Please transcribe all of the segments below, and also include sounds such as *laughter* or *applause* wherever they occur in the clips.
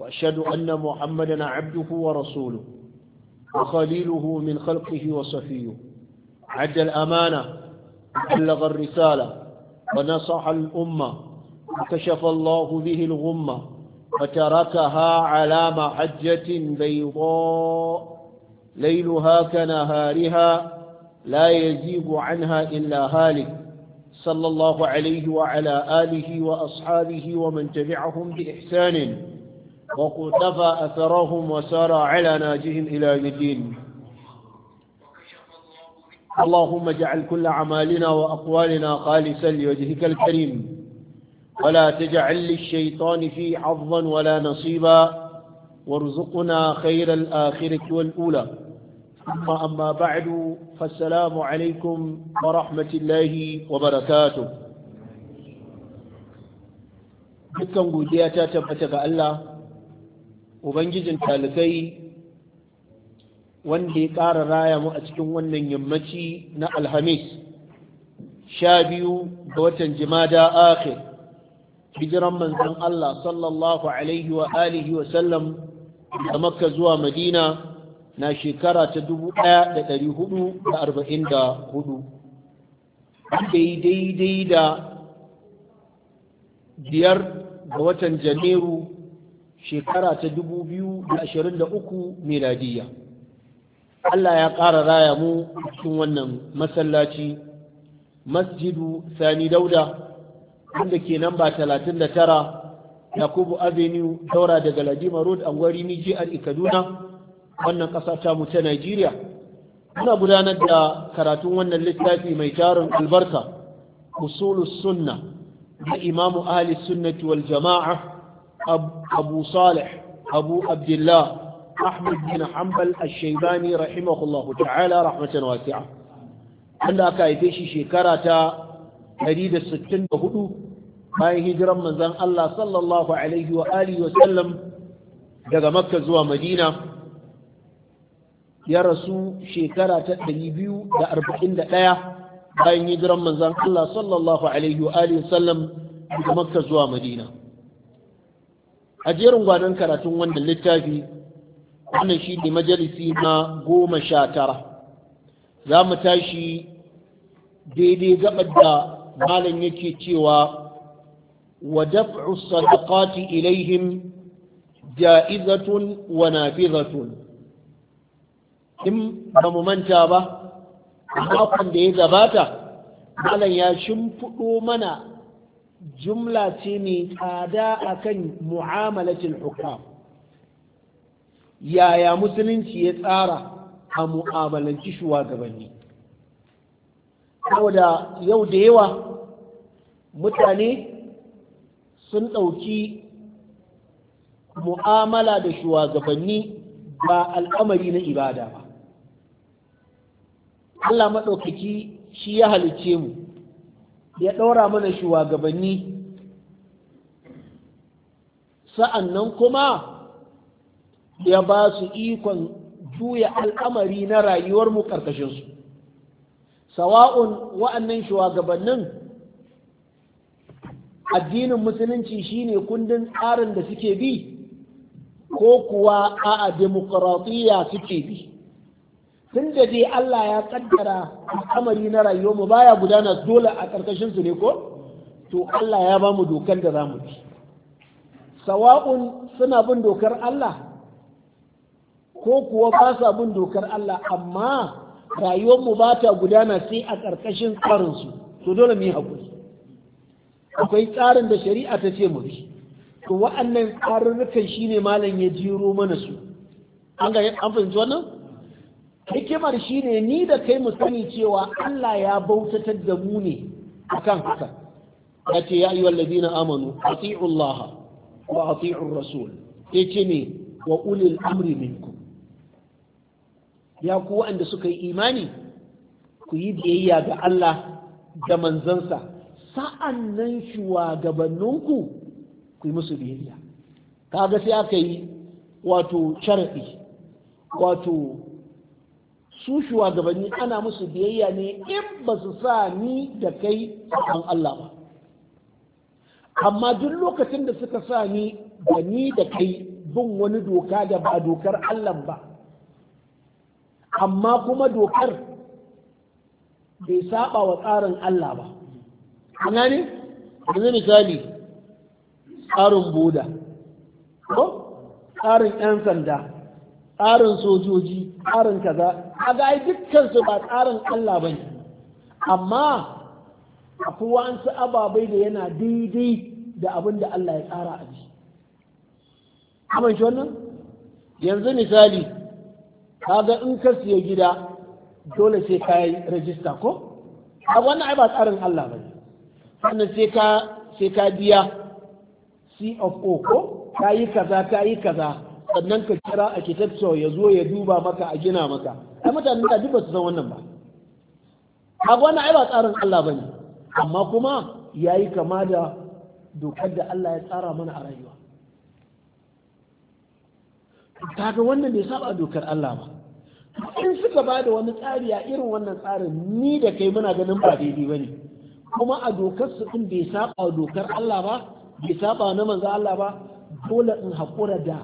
وأشهد أن محمدا عبده ورسوله وخليله من خلقه وصفيه عد الأمانة وبلغ الرسالة ونصح الأمة وكشف الله به الغمة فتركها على محجة بيضاء ليلها كنهارها لا يزيغ عنها إلا هالك صلى الله عليه وعلى آله وأصحابه ومن تبعهم بإحسان وقتفى أثرهم وسار على ناجهم إلى يدين اللهم اجعل كل عمالنا وأقوالنا خالصا لوجهك الكريم ولا تجعل للشيطان في حظا ولا نصيبا وارزقنا خير الآخرة والأولى أما, أما بعد فالسلام عليكم ورحمة الله وبركاته dukkan godiya ta tabbata Allah ubangijin talibai wanda ya ƙara raya mu a cikin wannan yammaci na alhamis sha biyu ga watan jimada akhir hijiran manzon Allah sallallahu alaihi wa alihi wa sallam da makka zuwa madina na shekara ta dubu ɗaya da ɗari hudu da arba'in da hudu daidai da biyar ga watan janairu shekara ta 2023 miladiyya Allah ya ƙara raya mu cikin wannan masallaci masjidu sani dauda wanda ke nan ba 39 yakubu avenue daura daga ladima road angwari ni jihar kaduna wannan ƙasa ta mu ta nigeria muna gudanar da karatun wannan littafi mai tarin albarka usulus sunna da imamu ahli sunnati wal jama'a أبو صالح أبو عبد الله أحمد بن حنبل الشيباني رحمه الله تعالى رحمة واسعة أن أكايفيشي شكرة تريد الستين وهدو bayan hijiran manzan Allah sallallahu Alaihi wa daga makka zuwa madina ya rasu shekara ta ɗaya bayan hijiran manzan Allah sallallahu Alaihi wa daga makka zuwa madina a jerin gwanon karatun wanda littafi wannan shi ne majalisi na goma sha tara za mu tashi daidai gabar da malam yake cewa wa daf'u sadaqati ilaihim ja'izatun wa nafizatun in ba mu manta ba makon da ya gabata malam ya shimfiɗo mana jumla ce mai tsada a kan mu'amalacin hukam yaya musulunci ya tsara a mu'amalanci shugabanni saboda yau da yawa mutane sun ɗauki mu'amala da shugabanni ba al'amari na ibada ba Allah maɗaukaki shi ya halicce mu ya ɗora mana shugabanni sa'an kuma ya ba su ikon juya al'amari na rayuwarmu ƙarƙashinsu sawa'un wa'annan shugabannin addinin musulunci shine kundin tsarin da suke bi ko kuwa a'a a suke bi tun da dai Allah ya kaddara al'amari na rayuwar mu baya gudana dole a karkashin su ne ko to Allah ya bamu dokar da zamu bi sawa'un suna bin dokar Allah ko kuwa ba sa bin dokar Allah amma rayuwar mu ba ta gudana sai a karkashin tsarin su to dole mu yi hakuri akwai tsarin da shari'a ta ce mu bi to wa'annan tsarurrukan shine malam ya jiro mana su an ga an fahimci wannan hikimar shine ni da kai mu sani cewa Allah ya bautatar da mu ne akan haka yace ya ayyuhal ladina amanu ati'u Allah wa ati'u rasul yace ne wa ulil amri minkum ya ku wanda suka yi imani ku yi biyayya ga Allah da manzansa sa'an nan shugabanninku ku yi musu biyayya kaga sai aka yi wato sharadi wato su shugabanni ana musu biyayya ne in ba su sa ni da kai an Allah ba amma duk lokacin da suka sa ni da ni da kai bin wani doka da ba dokar Allah ba amma kuma dokar bai saba wa tsarin Allah ba an ne yanzu misali tsarin buda ko tsarin 'yan sanda tsarin sojoji tsarin kaza Aga dukkansu yi dukkansu ba tsarin Allah bane amma akwai wa'ansu ababai da yana daidai da abin da Allah ya tsara a ji abin shi wannan yanzu misali kaga in ka siya gida dole sai ka yi rajista ko a wannan ai ba tsarin Allah ne sannan sai ka biya C O ko ka yi kaza ka yi kaza sannan ka kira architecture ya zo ya duba maka a gina maka ai mutanen da duk ba su san wannan ba abu wannan ai ba tsarin Allah bane amma kuma yayi kama da dokar da Allah ya tsara mana a rayuwa kaga wannan bai saba dokar Allah ba in suka ba da wani tsari a irin wannan tsarin ni da kai muna ganin ba daidai bane kuma a dokar su din bai saba dokar Allah ba bai saba na manzo Allah ba dole in hakura da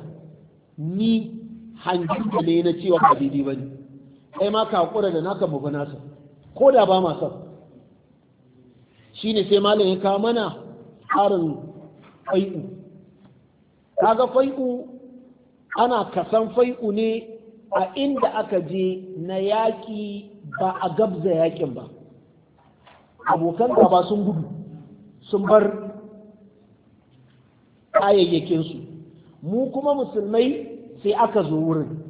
ni hanjinka ne na cewa ba daidai ba ne kai ma ka haƙura da naka mu nasa ko da ba ma san shine sai malam ya kawo mana tsarin fai'u ga fai'u ana kasan fai'u ne a inda aka je na yaƙi ba a gabza yaƙin ba abokan gaba sun gudu sun bar kayayyakinsu mu kuma musulmai sai aka zo wurin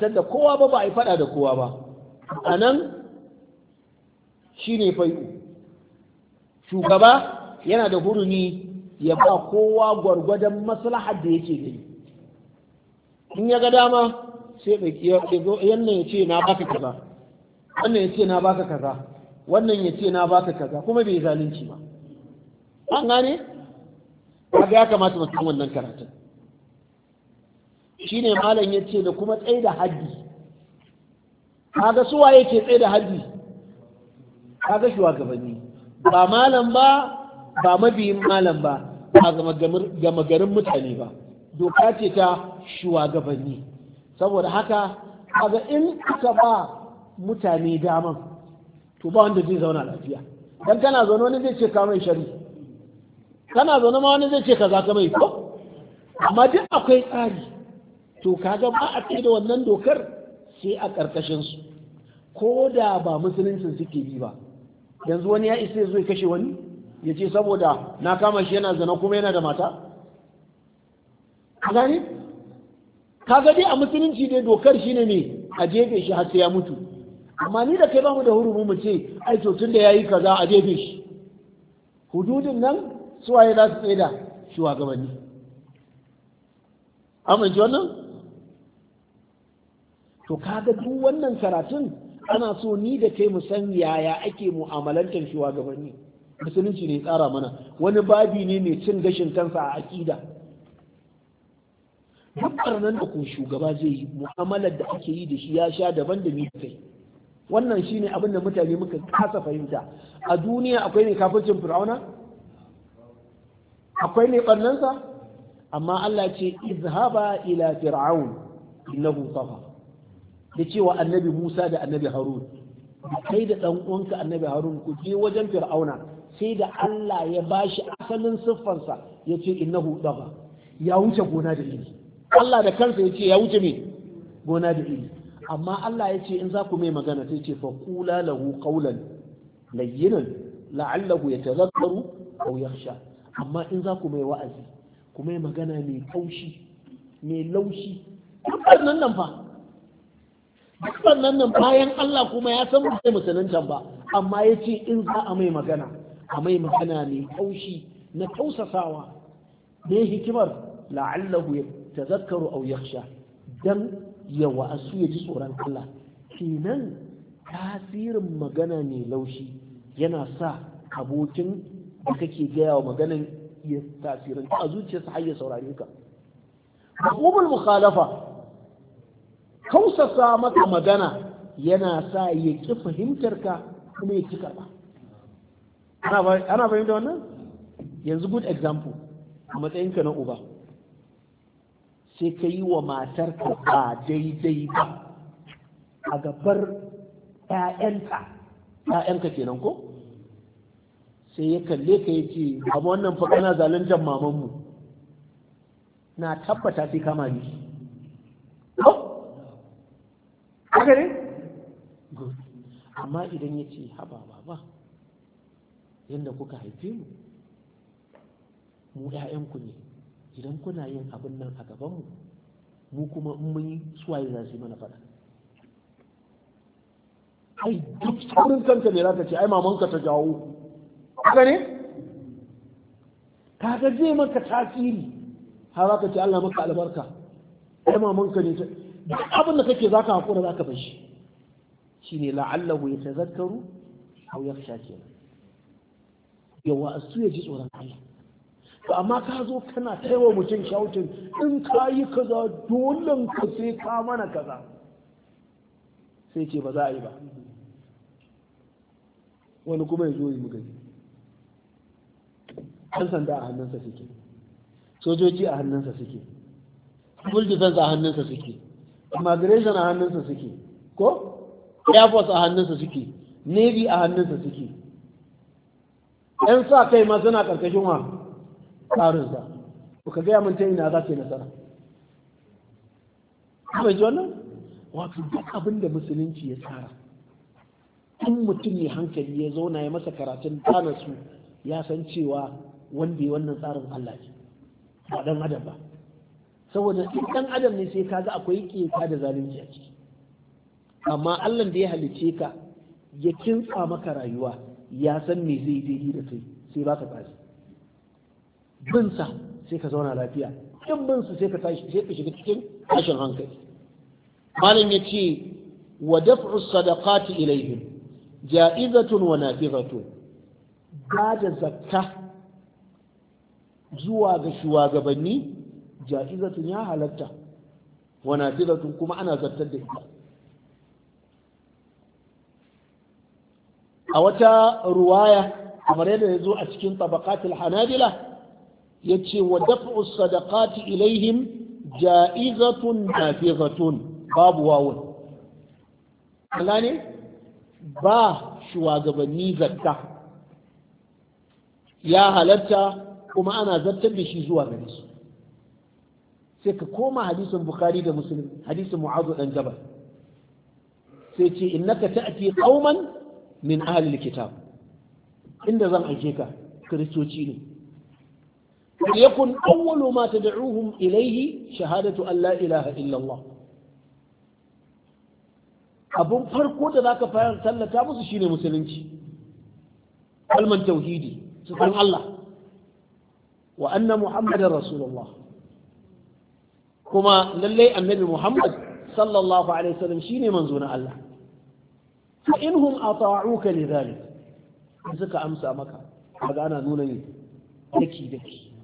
ta da kowa ba ba a yi fada da kowa ba a nan shi ne fai'u shugaba yana da hurumi ya ba kowa gwargwadon maslahar da yake gani in ya ga dama sai yannan ya ce na baka kaza wannan ya ce na baka kaza wannan ya ce na baka kaza kuma bai zalunci ba an gane? ya kamata mutum wannan karatun shi ne malam ya ce da kuma tsaye da haddi kaga suwa yake tsaye da haddi kaga shugabanni ba malam ba ba mabiyin malam ba ba gama garin mutane ba doka ce ta shugabanni saboda haka kaga in aka ba mutane daman to ba wanda zai zauna lafiya dan kana zaune wani zai ce ka mai shari kana zaune ma wani zai ce ka za ka mai ko amma duk akwai tsari to kaga ba a tsaye da wannan dokar sai a ƙarƙashin su ko da ba musuluncin suke bi ba yanzu wani ya isa zai kashe wani ya ce saboda na kama shi yana zana kuma yana da mata a ka kaga dai a musulunci dai dokar shine ne a jefe shi har sai ya mutu amma ni da kai ba mu da hurumu mu ce ai to ya yayi kaza a jefe shi hududin nan suwaye za su tsaye da shugabanni amince wannan to kaga duk wannan karatun ana so ni da kai mu san yaya ake mu'amalantar gabanni. musulunci ne tsara mana wani babi ne mai cin gashin kansa a akida duk nan da ku shugaba zai yi mu'amalar da ake yi da shi ya sha daban da ni kai wannan shine abin da mutane muka kasa fahimta a duniya akwai ne kafircin fir'auna akwai ne barnansa amma Allah ce izhaba ila fir'aun innahu tafa da cewa annabi Musa da annabi Harun kai da dan uwanka annabi Harun ku je wajen Fir'auna sai da Allah ya bashi asalin siffarsa yace innahu dafa ya wuce gona da iri Allah da kansa yace ya wuce me gona da iri amma Allah yace in za ku mai magana sai ce fa qula lahu qawlan layyinan la'allahu yatadhakkaru aw yakhsha amma in za ku mai wa'azi ku mai magana mai kaushi mai laushi nan nan fa duk wannan nan bayan Allah kuma ya san bai musulunta ba amma ya ce in za a mai magana a mai magana mai kaushi na tausasawa ne hikimar la'allahu tazakkaru aw yakhsha dan ya wa'asu ya ji tsoron Allah kenan tasirin magana mai laushi yana sa abokin da kake gaya wa maganan ya tasirin a zuciyarsa har ya saurare ka. Maqubul mukhalafa kausasa maka magana yana sa ya ki fahimtar ka kuma ya ci karba ana fahimta wannan yanzu good example a matsayinka na uba sai ka yi wa matarka ba daidai ba a gabar ‘ya'yanta ‘ya'yanka kenan ko sai ya kalle ka ya ce abu wannan fa kana zaluntar mamanmu na tabbata sai kama ni haka ne amma idan ya ce haba baba yadda kuka haife mu mu 'ya'yanku ne idan kuna yin abin nan a gabanmu mu kuma in mun yi suwaye za su yi mana faɗa ai duk saurin kanka ne zaka ce ai mamanka ta jawo haka ne kaga zai maka tasiri har ka ce Allah maka albarka ai mamanka ne ta. duk abin da kake zaka hakura zaka bar shi shine la'allahu yatazakkaru aw yakhsha kenan yawa asu ya ji tsoron Allah to amma ka zo kana taiwa mutum shautin in ka yi kaza dole ka sai ka mana kaza sai ce ba za a yi ba wani kuma ya zo yi magani ɗan sanda a hannunsa suke sojoji a hannunsa suke civil defense a hannunsa suke immigration a hannunsa suke ko airport a hannunsa suke navy a hannunsa suke ɗan sa kai ma suna ƙarƙashin wa tsarinsa ko ka gaya mun ta ina za su yi nasara kuma ji wannan wato duk abin da musulunci ya tsara in mutum ne hankali ya zauna ya masa karatun dana su ya san cewa wanda ya wannan tsarin Allah ne ba ɗan adam ba saboda duk ɗan adam ne sai kaga akwai ƙeta da zalunci a ciki amma Allah da ya halicce ka ya kintsa maka rayuwa ya san me zai daidai da kai sai baka tsari bin sa sai ka zauna lafiya in bin su sai ka tashi sai ka shiga cikin tashin hankali malam ya ce wa daf'u sadaqati ilaihim ja'izatun wa nafizatun ba da zakka zuwa ga shugabanni ja'izatun ya halatta wa nafizatun kuma ana zartar da ita a wata ruwaya kamar yadda ya zo a cikin tabaqatul hanabila yace wa daf'u sadaqati ilaihim ja'izatun nafizatun babu wawun Allah ne ba shugabanni zata, ya halatta kuma ana zartar da shi zuwa gare su sai ka koma hadisin bukhari da muslim hadisin mu'azu dan jabal sai ce innaka ta'ti qauman min ahli kitab inda zan aike ka kristoci ne yakun awwalu ma tad'uhum ilayhi shahadatu an la ilaha illa allah abun farko da zaka fara tallata musu shine musulunci kalman tauhidi su Allah wa anna muhammadar rasulullah kuma lallai annabi Muhammad sallallahu alaihi wasallam shine manzo na Allah fa inhum ata'uka lidhalik suka amsa maka kaga ana nuna ne daki daki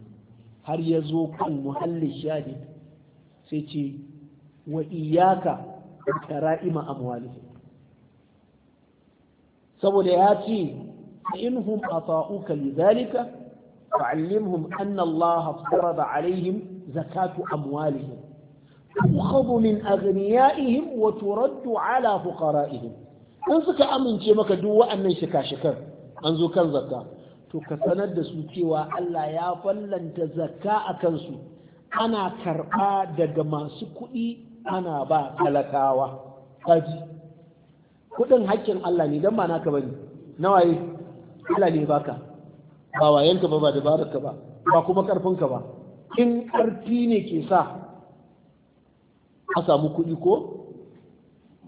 har ya zo kan muhallin shadi sai ce wa iyaka a amwalihim saboda ya ce fa inhum ata'uka lidhalika فعلمهم أن الله افترض عليهم زكاة أموالهم تؤخذ من أغنيائهم وترد على فقرائهم in suka amince maka duk wa'annan shika-shikan an zo kan zakka to ka sanar da su cewa Allah ya fallanta zakka a ana karɓa daga masu kuɗi ana ba talakawa kuɗin hakkin Allah ne ne baka ba wayanka ba ba dabararka ba ba kuma karfinka ba in karfi ne ke sa a samu kuɗi ko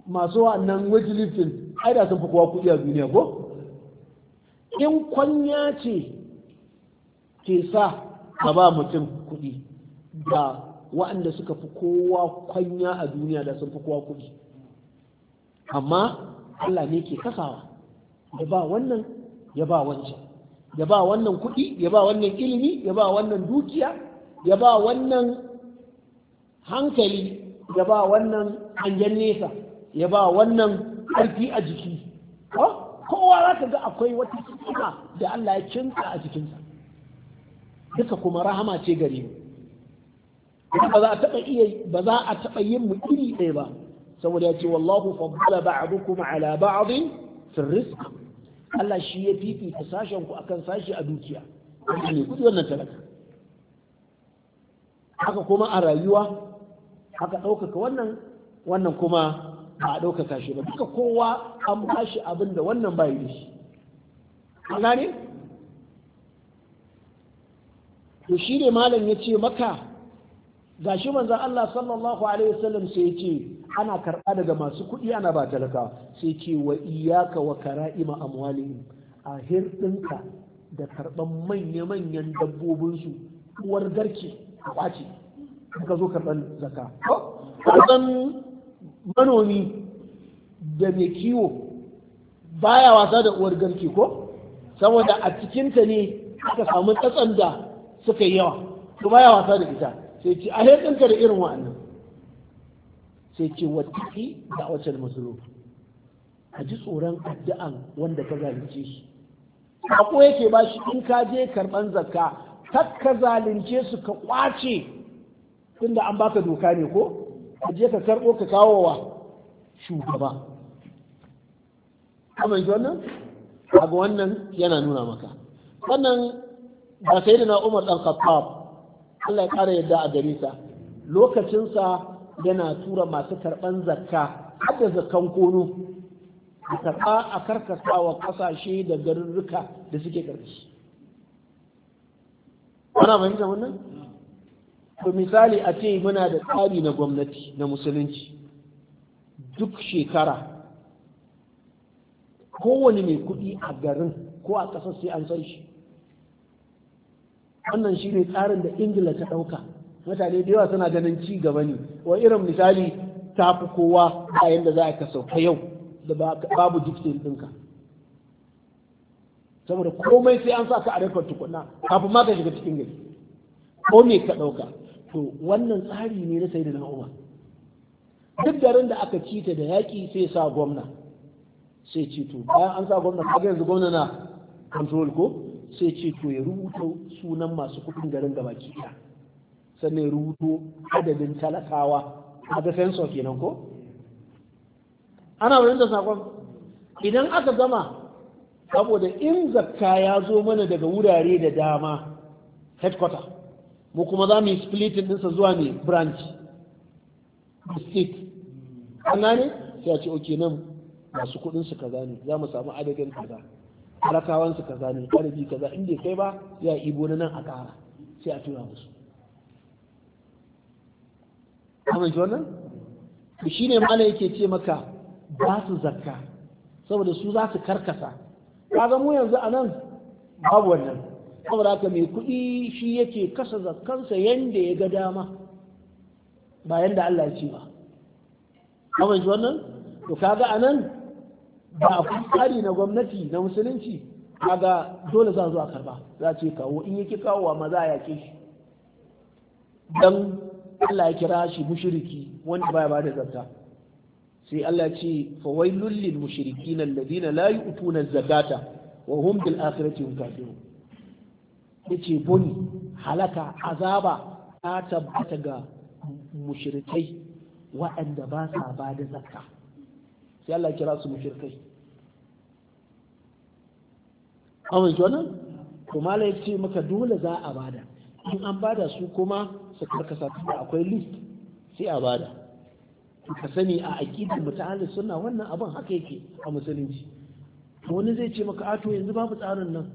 masu wannan weightlifting ai da sun fi kowa kuɗi a duniya ko in kwanya ce ke sa a ba mutum kuɗi ga waɗanda suka fi kowa kwanya a duniya da sun fi kowa kuɗi amma Allah ne ke kasawa ya ba wannan ya ba wancan ya ba wannan kuɗi ya ba wannan ilimi ya ba wannan dukiya ya ba wannan hankali ya ba wannan hangen nesa ya ba wannan ƙarfi a jiki kowa za ka ga akwai wata hikima da Allah ya kinsa a jikinsa duka kuma rahama ce gare mu ba za a taɓa yin mu iri ɗaya ba saboda ya ce wallahu faddala ba'dukum ala ba'din fi rizq Allah shi ya fifita sashen ku akan sashi a dukiya ne kudi wannan talaka haka kuma a rayuwa haka ɗaukaka wannan wannan kuma ba a ɗaukaka shi ba duka kowa an ba shi abin da wannan ba da shi an gane to shi ne malam ya ce maka Ga shi manzan Allah sallallahu alaihi wasallam sai ce ana karɓa daga masu kuɗi ana ba talaka sai ce wa iyaka wa kara'ima amwali a hirɗinka da karɓar manya-manyan dabbobinsu uwar garke a ka zo karɓar zaka karban manomi da mai kiwo baya wasa da uwar garke ko saboda a cikinta ne aka samu tsatsan da suka yi yawa to baya wasa da ita sai ce a da irin wa'annan sai ce wataki da wacan mazlum a ji tsoron addu'an wanda ka zalunce shi sako yake ba shi in ka je karɓan zakka kar ka zalunce su ka ƙwace tunda an baka doka ne ko a je ka karɓo ka kawo wa shugaba kamar wannan ga wannan yana nuna maka Wannan ba sai da na umar ɗan khattab Allah ya ƙara yadda a gare sa lokacinsa yana tura masu karɓan zakka da zakkan kono a karɓa a karkasa wa ƙasashe da garurruka da suke ƙarƙashi ana fahimta wannan to misali a ce muna da tsari na gwamnati na musulunci duk shekara kowane mai kuɗi a garin ko a ƙasar sai an san shi wannan shi ne tsarin da ingila ta ɗauka mutane da yawa suna ganin ci gaba ne wa irin misali ta fi kowa a yadda za a ka sauka yau da babu dictate ɗinka saboda komai sai an sa ka a rekod tukuna kafin ma ka shiga cikin gari ko me ka ɗauka to wannan tsari ne na sai da na'uwa duk garin da aka cita da yaƙi sai sa gwamna sai ci to bayan an sa gwamna kaga yanzu gwamna na control ko sai ce to ya rubuta sunan masu kudin garin gaba ɗaya sannan ya rubuto adadin talakawa a ga fensor kenan ko ana wani da sakon idan aka gama saboda in zakka ya zo mana daga wurare da dama headquarter mu kuma za mu yi splitting dinsa zuwa ne branch state an ne. sai a ce ok nan masu kudin su kaza ne za mu samu adadin kaza talakawansu kaza ne ƙarfi kaza inda ya kai ba ya ibo na nan a ƙara sai a tura musu kamar ji wannan shi ne mala yake ce maka ba su zakka saboda su za su karkasa kaga mu yanzu a nan babu wannan saboda haka mai kuɗi shi yake kasa zakkansa yanda ya ga dama ba yanda Allah ya ce ba kamar ji wannan to kaga a nan ba akwai tsari na gwamnati na musulunci kaga dole za zuwa karba za ce kawo in yake kawowa ma za a yake shi dan Allah ya kira shi mushriki wanda baya ba da zakka sai Allah ce mushiriki lil mushrikin alladhina la yu'tuna zakata wa hum bil akhirati hum kafirun yace boni halaka azaba ta tabbata ga mushrikai waɗanda ba sa ba da zakka sai Allah kira su mushrikai amma jona to mala yace maka dole za a bada in an bada su kuma su karkasa akwai list sai a bada ka sani a aqidar mutahallis suna wannan abin haka yake a musulunci wani zai ce maka ato yanzu babu tsarin nan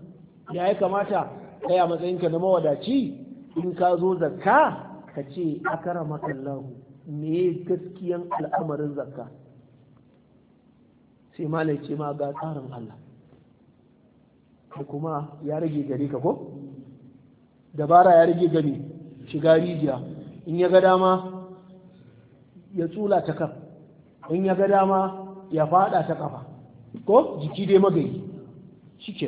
ya yi kamata kai a matsayinka na mawadaci in ka zo zakka ka ce akara makallahu me gaskiyan al'amarin zakka sai malai ce ma ga tsarin Allah ko kuma ya rage gari ka ko dabara ya rage gani shiga rijiya in ya ga dama ya tsula ta kan in ya ga dama ya fada ta kafa ko jiki dai magayi shike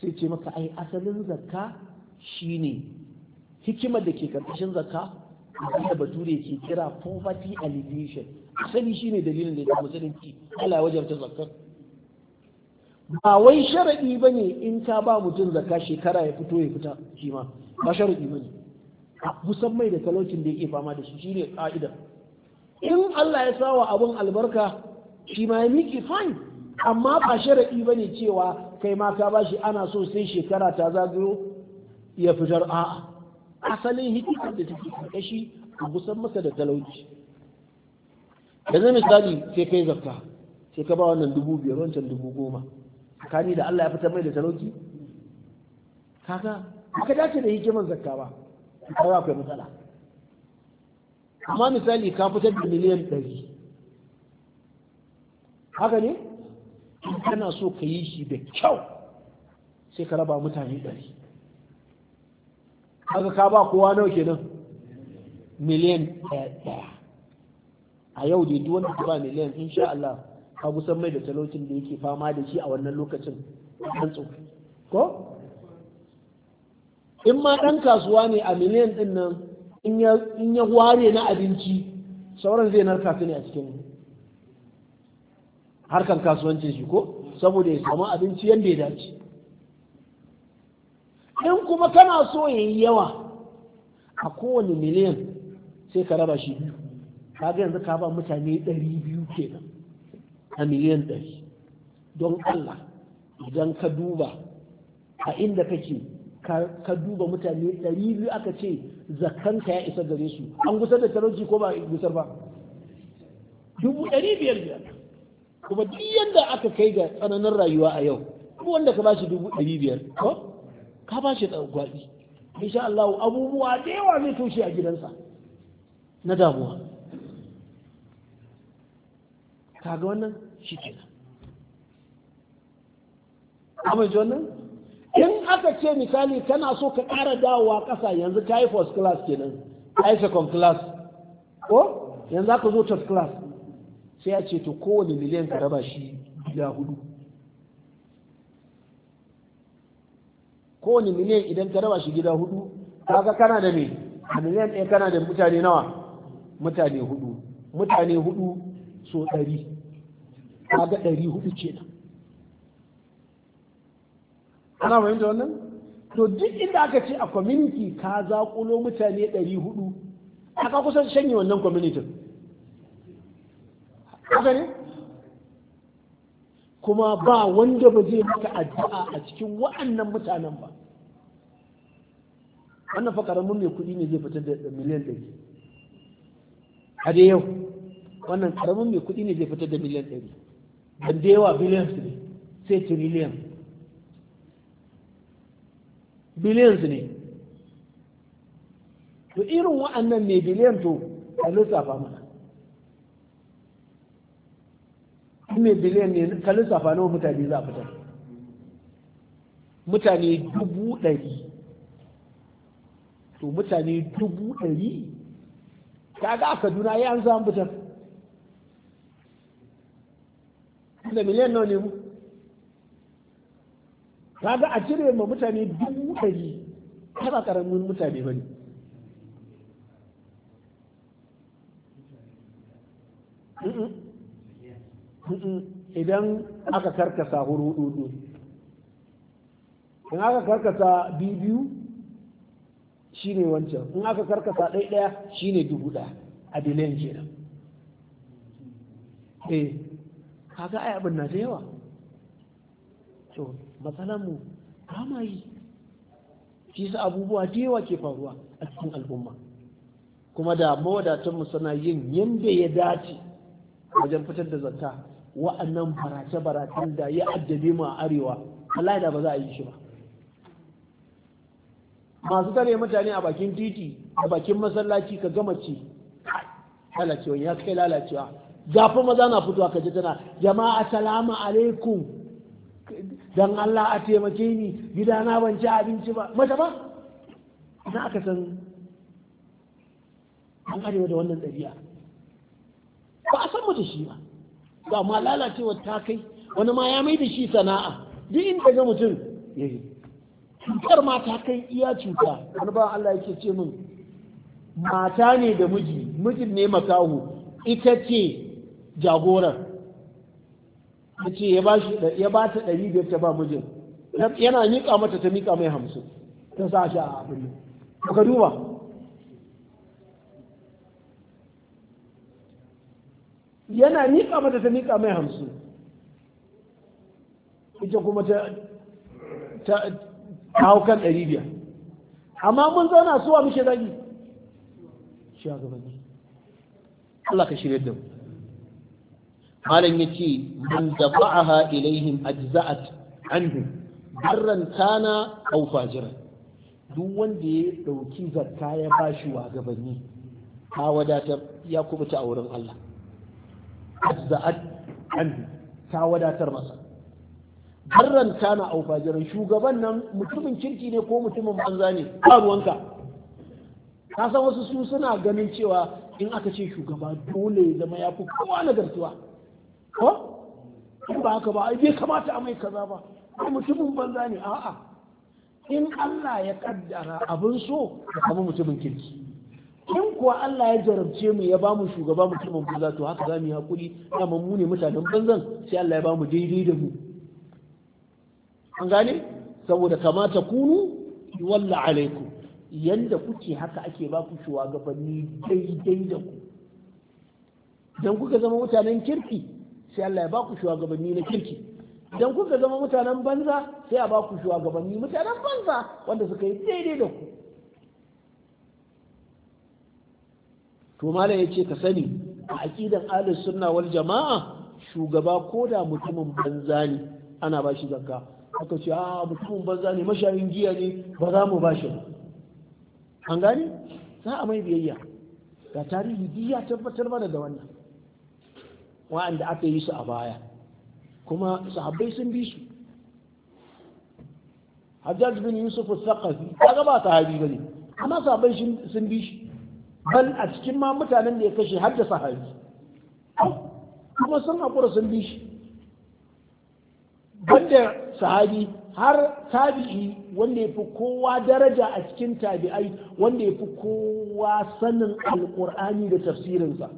sai ce maka ai asalin zakka shine hikimar da ke karkashin zakka abin da bature ke kira poverty alleviation asali shine dalilin da ya musulunci Allah wajen ta zakar ba wai sharaɗi bane in ka ba mutum zakka shekara ya fito ya fita shi ma ba sharadi bane ne a kusan mai da talaucin da yake fama da shi shi ne ƙa'ida in Allah ya sawa abun albarka shi ma ya miki fine amma ba sharaɗi bane cewa kai ma ka bashi, ana so sai shekara ta zagayo ya fitar a'a asalin hikimar da take karkashi a gusan masa da talauci yanzu misali sai kai zakka sai ka ba wannan dubu biyar wancan dubu goma tsakani da Allah ya fitar mai da talauci kaga ka dace da hikimar zakka ba kawai akwai matsala amma misali ka fitar da miliyan ɗari haka ne kana so ka yi shi da kyau sai ka raba mutane ɗari haka ka ba kowa nawa kenan miliyan ɗaya a yau da duk wanda ba miliyan insha Allah ka gusan mai da talaucin da yake fama da shi a wannan lokacin an tsofi ko in ma ɗan kasuwa ne a miliyan ɗin nan in ya ware na abinci sauran zai narka su ne a cikin harkar kasuwancin shi ko saboda ya samu abinci yadda ya dace in kuma kana so ya yi yawa a kowane miliyan sai ka raba shi biyu kaga yanzu ka ba mutane ɗari biyu kenan a miliyan ɗari don Allah idan ka duba a inda kake ka duba mutane ɗari biyu aka ce zakanka ya isa gare su an gusar da talauci ko ba gusar ba dubu ɗari biyar biyar kuma duk yadda aka kai ga tsananin rayuwa a yau wanda ka ba shi dubu ɗari biyar ko ka ba shi gwaɗi insha Allah abubuwa da yawa zai toshe a gidansa na damuwa kaga wannan shi kenan amince wannan in aka ce misali kana so ka ƙara dawowa ƙasa yanzu ka yi first class kenan ka yi second class ko yanzu aka zo third class sai a ce to kowane miliyan ka raba shi gida hudu Ko wani miliyan idan ka raba shi gida hudu kaga kana da me a miliyan ɗaya kana da mutane nawa mutane hudu mutane hudu so ɗari kaga ɗari hudu kenan ana fahimta wannan to duk inda aka ce a community ka zaƙulo mutane ɗari hudu aka kusan shanye wannan community haka ne kuma ba wanda ba zai maka addu'a a cikin wa'annan mutanen ba wannan fa mun mai kuɗi ne zai fitar da miliyan ɗari a da yau wannan karamin mai kuɗi ne zai fitar da miliyan ɗari ban da yawa billions ne sai trillion billions ne to irin wa'annan mai biliyan to a lissafa mana mai biliyan ne ka lissafa nawa mutane za a fitar mutane dubu ɗari to mutane dubu ɗari kaga a kaduna ya an zama fitar da miliyan nawa ne mu kaga a cire ma mutane dubu ɗari ba ƙaramin mutane ba ne Mm-mm. idan aka karkasa hudu in aka karkasa biyu shi ne wancan in aka karkasa ɗai ɗaya shi ne dubu ɗaya a biliyan kenan eh kaga ai abin na da yawa to matsalar mu ba yi shi su abubuwa da yawa ke faruwa a cikin al'umma kuma da mawadatan mu suna yin yadda ya dace wajen fitar da zakka wa'annan barace-baracen da ya addabe mu a arewa wallahi da ba za a yi shi ba masu tare mutane a bakin titi a bakin masallaci ka gama ce lalacewa ya kai lalacewa gafi maza na fitowa ka ji tana jama'a assalamu alaikum dan Allah a taimake ni gida na ban ci abinci ba mata ba na aka san an arewa da wannan ɗabi'a ba a san mu shi ba ba ma lalacewa ta kai wani ma ya mai da shi sana'a duk inda ga mutum ya yi cutar ma ta kai iya cuta wani ba Allah yake ce min mata ne da miji mijin ne makahu ita ce jagorar ya ce ya ba ta ɗari biyar ta ba mijin yana miƙa mata ta miƙa mai hamsin ta sa shi a abin ka duba yana miƙa mata ta miƙa mai hamsin ita kuma ta hau kan ɗari biyar amma mun zauna suwa mishe zagi shugabanni Allah ka shirya da mu malam a man dafa'aha ilaihim ajza'at anhu barran kana aw fajiran duk wanda ya dauki zakka ya bashi wa gabanni ka wadatar ya kubuta a wurin Allah azza'at anhu ta wadatar masa barran kana aufajiran shugaban nan mutumin kirki ne ko mutumin banza ne ba ruwanka ka san wasu su suna ganin cewa in aka ce shugaba dole ya zama ya fi kowa gartuwa ko in ba haka ba ai bai kamata a mai kaza ba ai mutumin banza ne a'a in Allah ya kaddara abin so ka kamu mutumin kirki in kuwa Allah ya jarabce mu ya ba mu shugaba mutumin banza to haka za mu yi hakuri na mu mutanen banzan sai Allah ya ba mu daidai da mu an gane saboda kamata kunu walla alaiku yanda kuke haka ake ba ku gabanni daidai da ku dan kuka zama mutanen kirki sai Allah ya ba ku gabanni na kirki dan kuka zama mutanen banza sai a ba ku gabanni mutanen banza wanda suka yi daidai da ku to malam yace ka sani a aqidan ahlus sunna wal jamaa shugaba ko da mutumin banza ne ana bashi zakka aka ce a ah, mutumin banza ne mashayin giya ne ba za mu bashi an gane za a mai biyayya ga tarihi giya tabbatar mana da wannan wa'anda aka yi su a baya kuma sahabbai sun bi su Hajjaj bin Yusuf al ta kaga ba sahabi bane amma sahabbai sun bi shi ban a cikin ma mutanen da ya kashe har da sahabi kuma sun haƙura sun bi shi banda sahabi har tabi'i wanda ya fi kowa daraja a cikin tabi'ai wanda ya fi kowa sanin alƙur'ani da tafsirinsa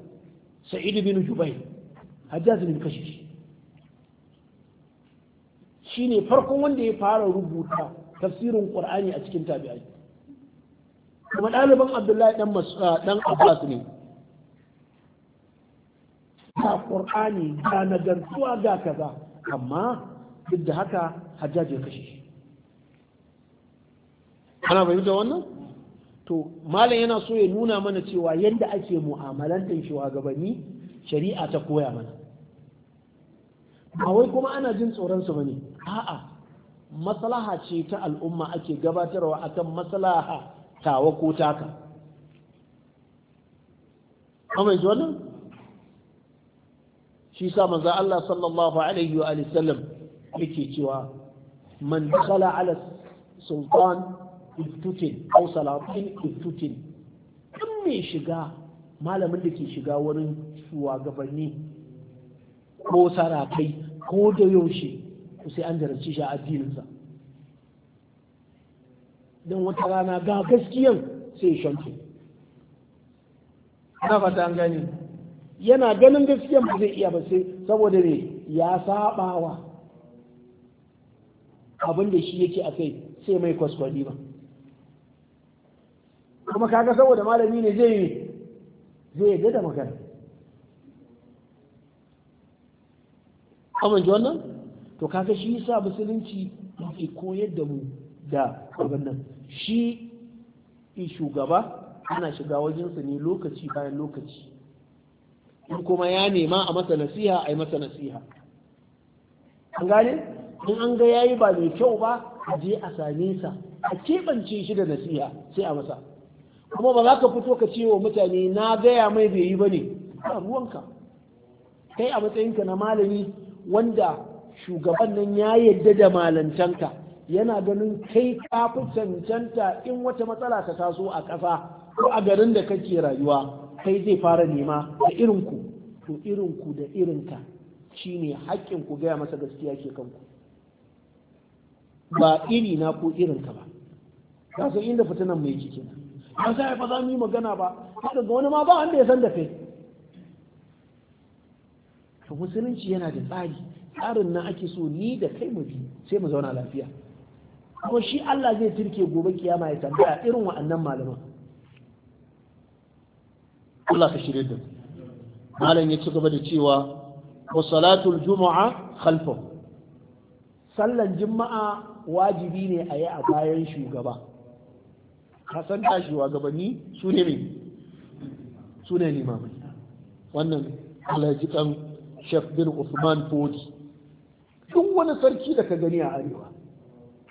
sa'id bin jubai hajjaz bin Kashi. Shi ne farkon wanda ya fara rubuta tafsirin ƙur'ani a cikin tabi'ai kuma ɗaliban abdullahi ɗan ah, abbas ne ta ƙur'ani ga nagartuwa ga kaza amma duk da haka hajjaji ya kashe ana fahimta wannan to malam yana so ya nuna mana cewa yadda ake mu'amalantar gabani shari'a ta koya mana wai kuma ana jin tsoron ba bane a'a maslaha ce ta al'umma ake gabatarwa akan maslaha tawa ko taka amma ji wannan shi sa manzo Allah sallallahu alaihi wa sallam yake cewa man dakhala ala sultan iftutin aw salatin iftutin duk mai shiga malamin da ke shiga wurin shugabanni ko sarakai ko da yaushe sai an jarabci shi a addininsa don wata rana ga gaskiyan sai shanti ana fata an gani yana ganin gaskiyan ba zai iya ba sai saboda ne ya sabawa abin da shi yake a kai sai mai kwaskwali ba kuma kaga saboda malami ne zai yi zai yadda da magana amince wannan to kaga shi yasa musulunci yake koyar da mu da abin nan shi shugaba ana shiga wajensa ne lokaci bayan lokaci in kuma ya nema a masa nasiha a yi masa nasiha an gane in an ga yayi ba mai kyau ba a je a same sa a keɓance shi da nasiha sai a masa kuma ba za ka fito ka ce wa mutane na gaya mai bai yi ba ne ba ruwanka kai a matsayinka na malami wanda shugaban nan ya yadda da malantanka yana ganin kai ka fi cancanta in wata matsala ta taso a ƙasa ko a garin da kake rayuwa kai zai fara nema da irinku to irinku da irinka shine haƙƙin ku gaya masa gaskiya ke kanku ba iri na ko irinka ba ka san inda fitinan mai ciki na ba sai fa za mu yi magana ba haka ga wani ma ba wanda ya san da kai to musulunci yana da tsari tsarin na ake so ni da kai mu bi sai mu zauna lafiya kuma shi Allah zai turke gobe kiyama ya tambaya irin wa'annan malaman Allah ka shirye da malam ya ci gaba da cewa wa salatul juma'a khalfa sallan juma'a wajibi ne a yi a bayan shugaba hasan tashi wa gabani su ne ne su ne limamai wannan Allah kan Sheikh Fodi duk wani sarki da ka gani a arewa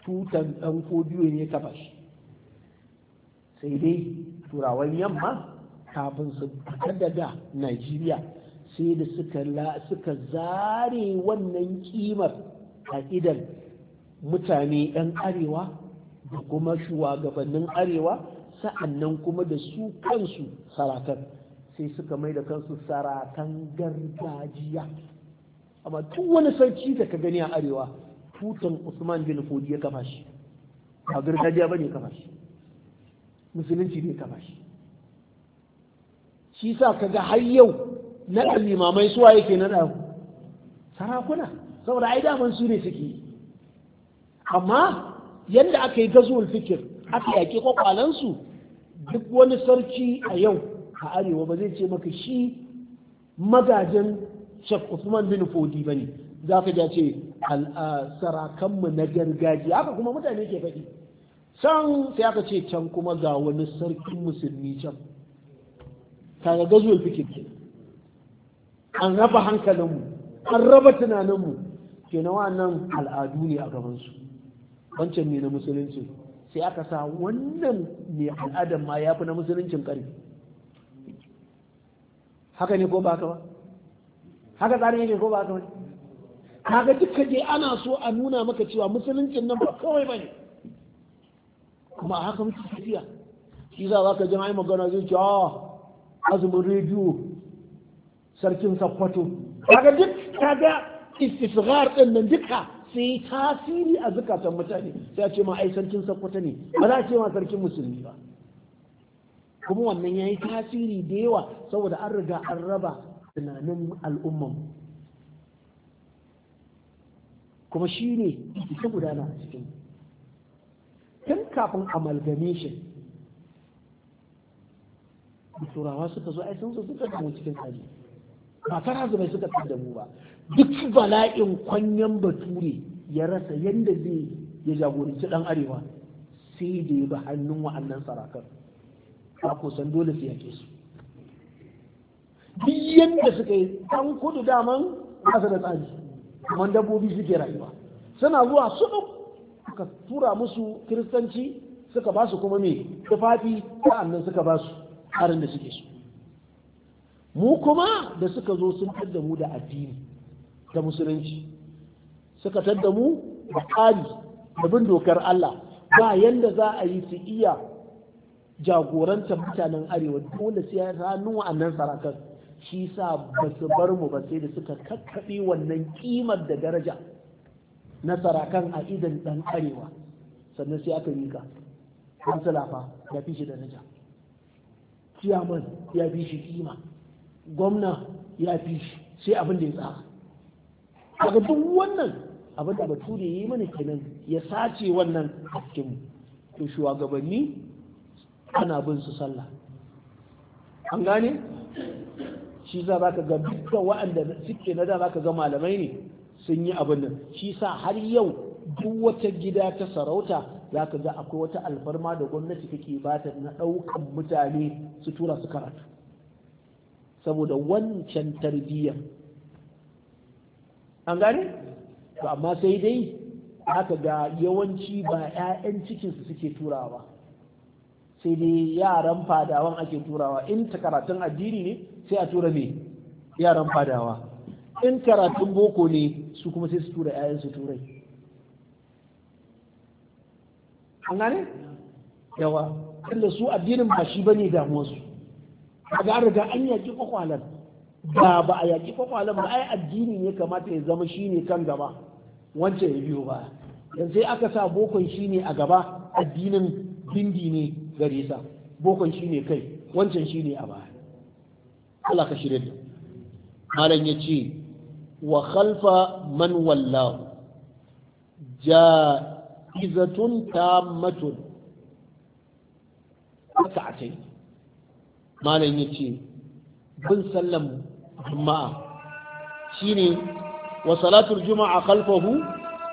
tutan ɗan kodiyo ne kafa shi sai dai turawan yamma kafin su fita daga najeriya sai da suka zare wannan kimar a idan mutane 'yan arewa da kuma shugabannin arewa sa'annan kuma da su kansu saratan sai suka mai da kansu saratan gargajiya amma duk wani sarki da ka gani a arewa tutan Usman bin Fodi ya kafa shi a gargajiya bane ya kafa shi musulunci ne kafa shi shi sa kaga har yau na limamai suwa yake na da sarakuna saboda ai daman su ne suke amma yadda aka yi gazuwar fikir aka yaƙi kwakwalansu duk wani sarki a yau a arewa ba zai ce maka shi magajin Sheikh Usman bin Fodi ba ne. za ka ja ce sarakanmu na gargajiya haka kuma mutane ke faɗi can sai aka ce can kuma ga wani sarkin musulmi can ga gazuwar fikir an raba hankalinmu an raba tunaninmu ke na wannan al'adu ne a gabansu wancan ne na musulunci sai aka sa wannan ne al'adar ma ya fi na musuluncin ƙari haka ne ko ba haka ba haka tsarin yake ko ba haka ba kaga duka dai ana so a nuna maka cewa musuluncin nan ba kawai bane kuma a haka muke tafiya shi za ka ji ai magana zai ce a ah, azumin rediyo sarkin sakkwato kaga duk kaga istifghar din nan duka sai tasiri a zukatan mutane sai a ce ma ai sarkin sakkwato ne ba za a ce ma sarkin musulmi ba kuma wannan yayi tasiri da yawa saboda an riga an raba tunanin al'umman kuma shi ne ita gudana a cikin tun kafin shi. turawa suka zo ai sun zo suka damu cikin tsari ba kara zubai suka fi damu ba duk bala'in kwanyen bature ya rasa yadda zai ya jagoranci dan arewa sai da ya ba hannun wa'annan sarakar a kusan dole su yake su duk yadda suka yi kudu daman ba da tsari kamar dabbobi suke rayuwa suna zuwa su suka tura musu kiristanci suka ba su kuma me tufafi sa'annan suka ba su harin da suke su mu kuma da suka zo sun tadda mu da addini da musulunci suka tadda mu da da bin dokar Allah ba yanda za a yi su iya jagorantar mutanen arewa dole sai ya hannun wa'annan sarakan shi sa ba su bar mu ba sai da suka kakkaɓe wannan kimar da daraja na sarakan a idan ɗan arewa sannan sai aka yi ka kansila ya fi shi daraja ciyaman ya fi shi kima gwamna ya fi shi sai abin da ya tsara daga duk wannan abin da bature yi mana kenan ya sace wannan hakkinmu to shugabanni ana bin su sallah an gane shi za ba ka ga dukkan waɗanda suke na da za ka ga malamai ne sun yi abin nan shi sa har yau duk wata gida ta sarauta za ka ga akwai wata alfarma da gwamnati kake ba ta na ɗaukan mutane su tura su karatu saboda wancan tarbiyyar an gane? amma sai dai aka ga yawanci ba 'ya'yan cikinsu suke turawa sai dai yaran fadawan ake turawa in ta karatun addini ne sai a tura me yaran fadawa in karatun boko ne su kuma sai su tura 'ya'yansu turai an gane yawa inda su addinin ba shi bane damuwarsu A an riga an yaki kwakwalar ba ba a yaki kwakwalar ba ai addini ne kamata ya zama shi ne kan gaba wancan ya biyo ba yanzu sai aka sa bokon shi ne a gaba addinin bindi ne Garisa, sa shi ne kai wancan shi ne a baya Allah ka shirye da malam ce wa khalfa man wallahu ja'izatun tammatun raka'atai malam ya ce bin sallan juma'a shine wa salatul juma'a khalfahu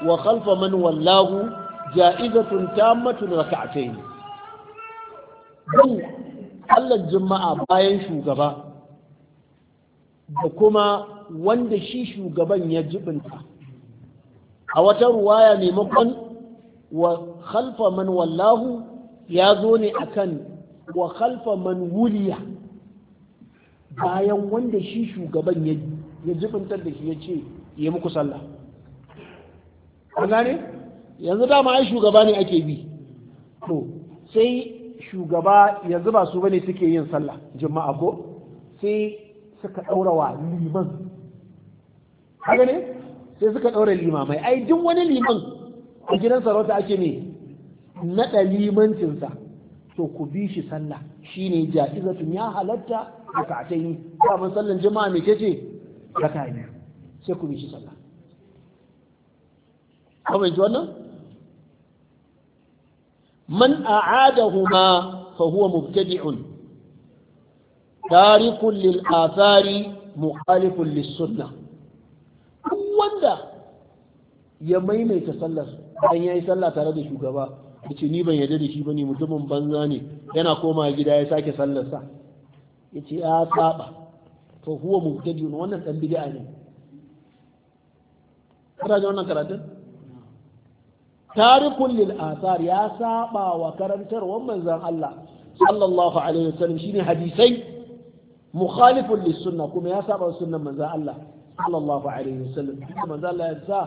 wa khalfa man wallahu ja'izatun tammatun raka'atayn Zan kallon juma'a bayan shugaba da kuma wanda shi shugaban ya jibinta a wata ruwaya maimakon wa khalfa man wallahu ya zo ne kan wa khalfa man wuliya bayan wanda shi shugaban ya jibintar da shi ya ce ya muku sallah an gane yanzu dama ai shugaba ne ake bi to sai shugaba yanzu ba su bane suke yin sallah jama'a ko sai suka ɗaura wa liman haka ne sai suka ɗaura limamai ai duk wani liman a gidan sarauta ake ne naɗa limancinsa to ku bi shi sallah shine ja'izatun ya halatta raka'atayn kamar sallan jama'a me kace raka'a sai ku bi shi sallah kuma ji wannan man أعادهما فهو huwa تارك للآثار مخالف للسنة mukhalifun lis sunnah wanda ya maimaita sallar bayan yayi sallah tare da shugaba yace ni ban yarda da shi bane mutumin banza ne yana koma gida ya sake sallarsa, yace ya saba to huwa wannan dan bid'a ne kada ga wannan karatun tarikun lil asar ya saba wa karantarwar manzan Allah sallallahu alaihi wasallam shine hadisai mukhalifun lis sunna kuma ya saba sunnan manzan Allah sallallahu alaihi wasallam manzan Allah ya sa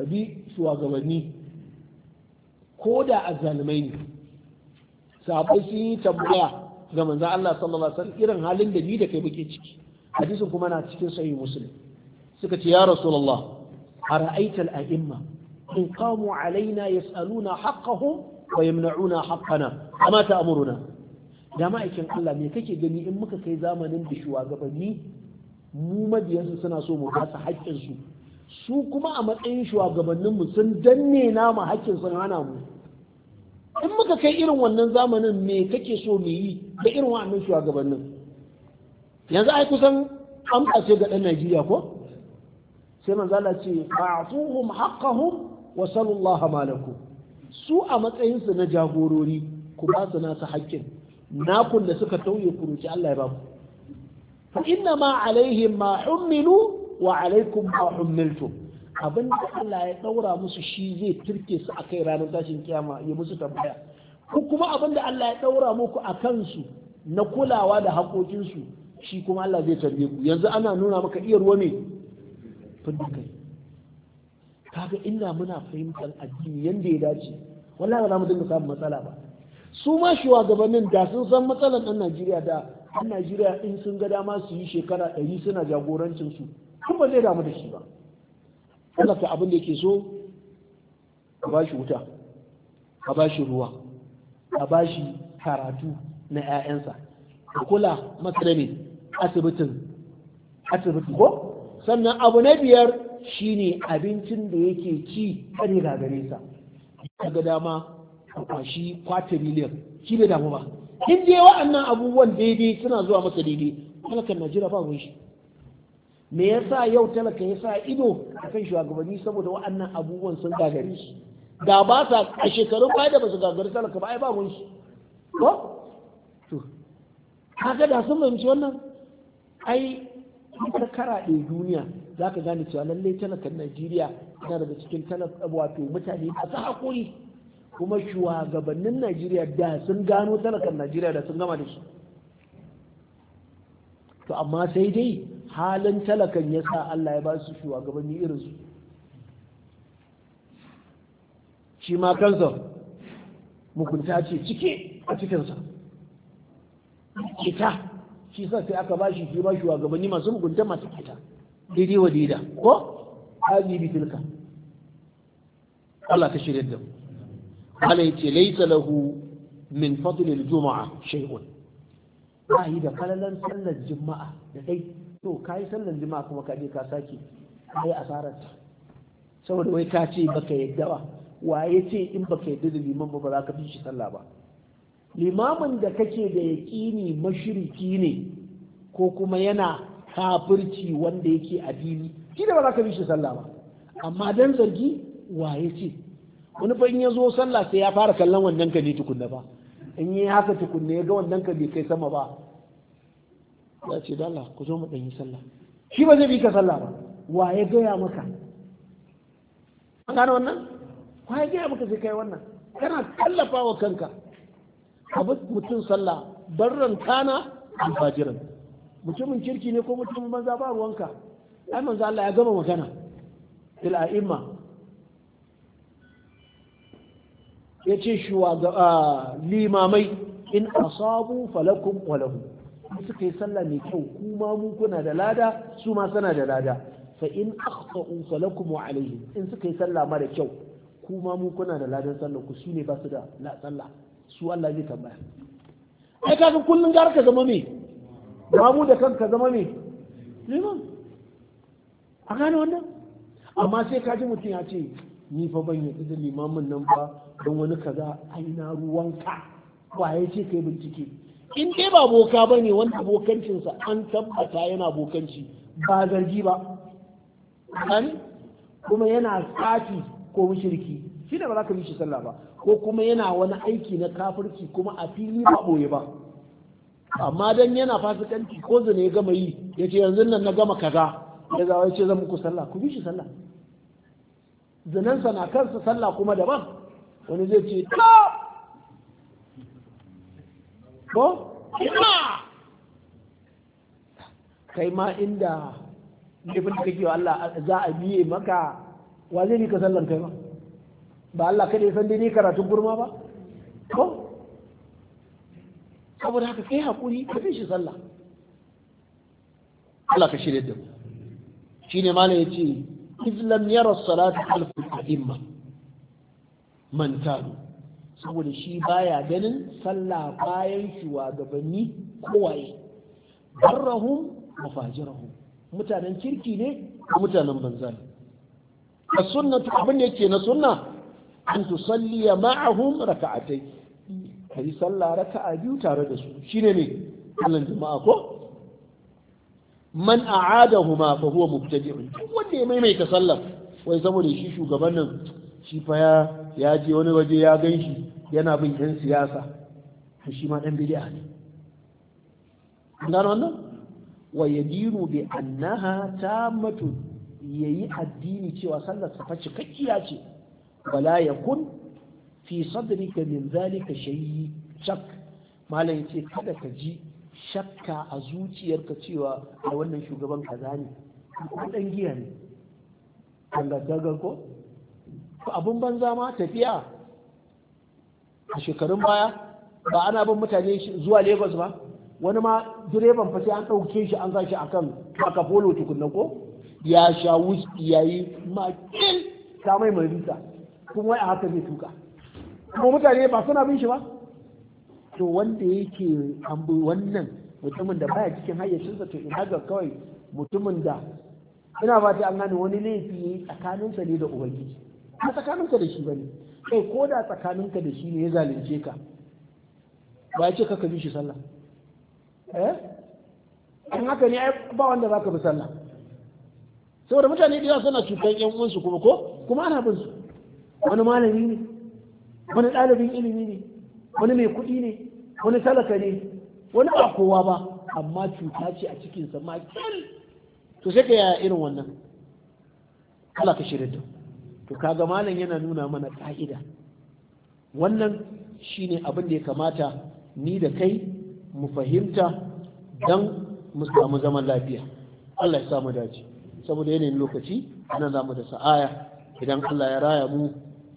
kabi shugabanni ko da azzalumai ne Sabai sun yi tambaya ga manzan Allah sallallahu alaihi wasallam irin halin da ni da kai muke ciki hadisin kuma na cikin sahih muslim suka ce ya rasulullah ara'aita al-a'imma alaina ya إن قاموا wa يسألون حقهم ويمنعون حقنا أما amuruna. da ma'aikin Allah me kake gani in muka kai zamanin da shugabanni mu mabiyansu suna so mu kasa haƙƙinsu su kuma a matsayin shugabanninmu sun danne nama haƙƙin sun hana mu in muka kai irin wannan zamanin me kake so mu yi da irin wa'annan shugabannin yanzu ai kusan amsa ce ga ɗan Najeriya ko sai manzo Allah ce fa'tuhum haqqahum wa sallallahu malakum su a matsayinsu na jagorori ku ba su nasu haƙƙin nakun da suka tauye ku roki Allah ya ba ku fa inna ma alaihim ma hummilu wa alaikum ma hummiltum abin da Allah ya daura musu shi zai turke su a kai ranar tashin kiyama ya musu tambaya ko kuma abin da Allah ya ɗaura muku a kansu na kulawa da haƙoƙinsu shi kuma Allah zai tarbe ku yanzu ana nuna maka iyar wani. ne kaga inda muna fahimtar addini yanda ya dace wallahi ba za mu dinga samun matsala ba su ma shugabannin da sun san matsalan ɗan Najeriya da ɗan Najeriya in sun ga dama su yi shekara ɗari suna jagorancin su ba zai damu da shi ba Allah ka abin da yake so ka bashi wuta ka bashi ruwa ka bashi karatu na 'ya'yansa ka kula masa asibitin asibiti ko sannan abu na biyar shine abincin da yake ci kare gagare sa daga dama a kwashi kwata miliyan shi bai damu ba in dai wa'annan abubuwan daidai suna zuwa masa daidai talakan jira ba shi me yasa yau talaka ya sa ido a kan shugabanni saboda wa'annan abubuwan sun gagare shi da ba sa a shekarun baya da ba su gagari talaka ba ai ba shi ko to kaga da sun fahimci wannan ai ka karaɗe duniya za ka gane cewa lallai talakan najeriya yana daga cikin wato mutane masu haƙuri kuma shugabannin najeriya da sun gano talakan najeriya da sun gama da shi to amma sai dai halin talakan ya sa allah ya ba su shugabanni irin su shi ma kansa mugunta ce cike a cikinsa ita shi sa sai aka bashi shi ba shugabanni masu mugunta masu kita daidai wa daida ko haji bi tilka Allah ta shirya da mu ya ce laysa lahu min fadl al-jum'a shay'un ba yi da kalalan sallar juma'a da dai to kai sallar juma'a kuma ka je ka saki kai asarar ta saboda wai ka ce baka yadda ba wa yace in baka yadda da liman ba ba za ka fi shi sallah ba limamin da kake da yaƙini mashiriki ne ko kuma yana kafirci wanda yake addini shi da ba za ka bi shi sallah ba amma dan zargi waye ce wani fa in ya zo sallah sai ya fara kallon wannan ka ne tukunna ba in yi haka tukunna ya ga wannan ka bai kai sama ba ya ce dala ku zo mu dan yi sallah shi ba zai bi ka sallah ba waye gaya maka an gane wannan waye gaya maka sai kai wannan kana tallafa wa kanka ka mutum sallah barran kana an mutumin kirki ne ko mutumin banza ba ruwanka ai manza Allah ya gama magana fil a'imma yace shuwa ga limamai in asabu falakum wa lahu suka yi sallah mai kyau kuma mu kuna da lada su ma sana da lada fa in akhta'u falakum wa alayhi in suka yi sallah mara kyau kuma mu kuna da ladan sallah ku shine ba su da la sallah su Allah zai tambaya ai kaga kullun gara ka zama me babu da kanka zama me liman a gane wannan amma sai ka ji mutum ya ce ni fa ban yi da limamin nan ba don wani kaza ai na ruwanka ba ya ce kai bincike in dai ba boka ba ne wanda bokancinsa an tabbata yana bokanci ba zargi ba kuma yana sati ko mushriki shi ne ba za ka bi shi sallah ba ko kuma yana wani aiki na kafirci kuma a fili ba ɓoye ba amma dan yana fasikanci ko zane ya gama yi ya ce yanzu nan na gama kaza ya zawo ya ce zan muku sallah ku bi shi sallah zanensa na kansa sallah kuma daban wani zai ce ta ko ina kai ma inda laifin da kake wa Allah za a biye maka wa zai ka sallan kai ma ba Allah kai ya san dai ni karatun gurma ba ko saboda haka kai hakuri ka fi shi sallah Allah ka shirye da shi ne mala yace izlam yara salatu alfu imma man tanu saboda shi baya ganin sallah bayan shugabanni kowaye barrahum wa fajirahum mutanen kirki ne ko mutanen banza ne as sunnatu abin da yake na sunna an tusalliya ma'ahum raka'atai yi sallah raka'a biyu tare da su shine ne kallon jama'a ko man huma fa huwa mubtadi'un wanda ya maimaita sallar wai saboda shi shugaban nan shi fa ya je wani waje ya ganshi yana bin yan siyasa to shi ma dan bid'a ne an wannan wa yadinu bi annaha ya yayi addini cewa sallar sa fa cikakkiya ce wala yakun fi sadrika min zalika shayyi shak malam yace kada ka ji shakka a zuciyarka cewa a wannan shugaban kaza ne ko dan giya ne kanga ko abun banza ma tafiya a shekarun baya ba ana bin mutane zuwa Lagos ba wani ma direban fa sai an ɗauke shi an zashi akan aka polo tukunna ko ya sha wuski ya yi makin ta mai marisa kuma wai a haka zai tuka kuma mutane ba suna bin shi ba to wanda yake ambu wannan mutumin da baya cikin hayyacinsa to ina ga kawai mutumin da ina ba ta an gane wani laifi tsakaninsa ne da ubangiji ba tsakaninka da shi bane kai ko da tsakaninka da shi ne ya zalunce ka ba ya ce ka bi shi sallah eh in haka ne ai ba wanda baka bi sallah saboda mutane da yawa suna cutar yan uwansu kuma ko kuma ana bin su wani malami ne wani ɗalibin ilimi ne wani mai kuɗi ne wani talaka ne wani ba kowa ba amma cuta ce a cikinsa ma to sai ka yaya irin wannan kala ka shirya da to kaga malam yana nuna mana ka'ida wannan shine abin da ya kamata ni da kai mu fahimta don mu samu zaman lafiya Allah ya samu dace saboda yanayin lokaci ana zamu mu da sa'aya idan Allah ya raya mu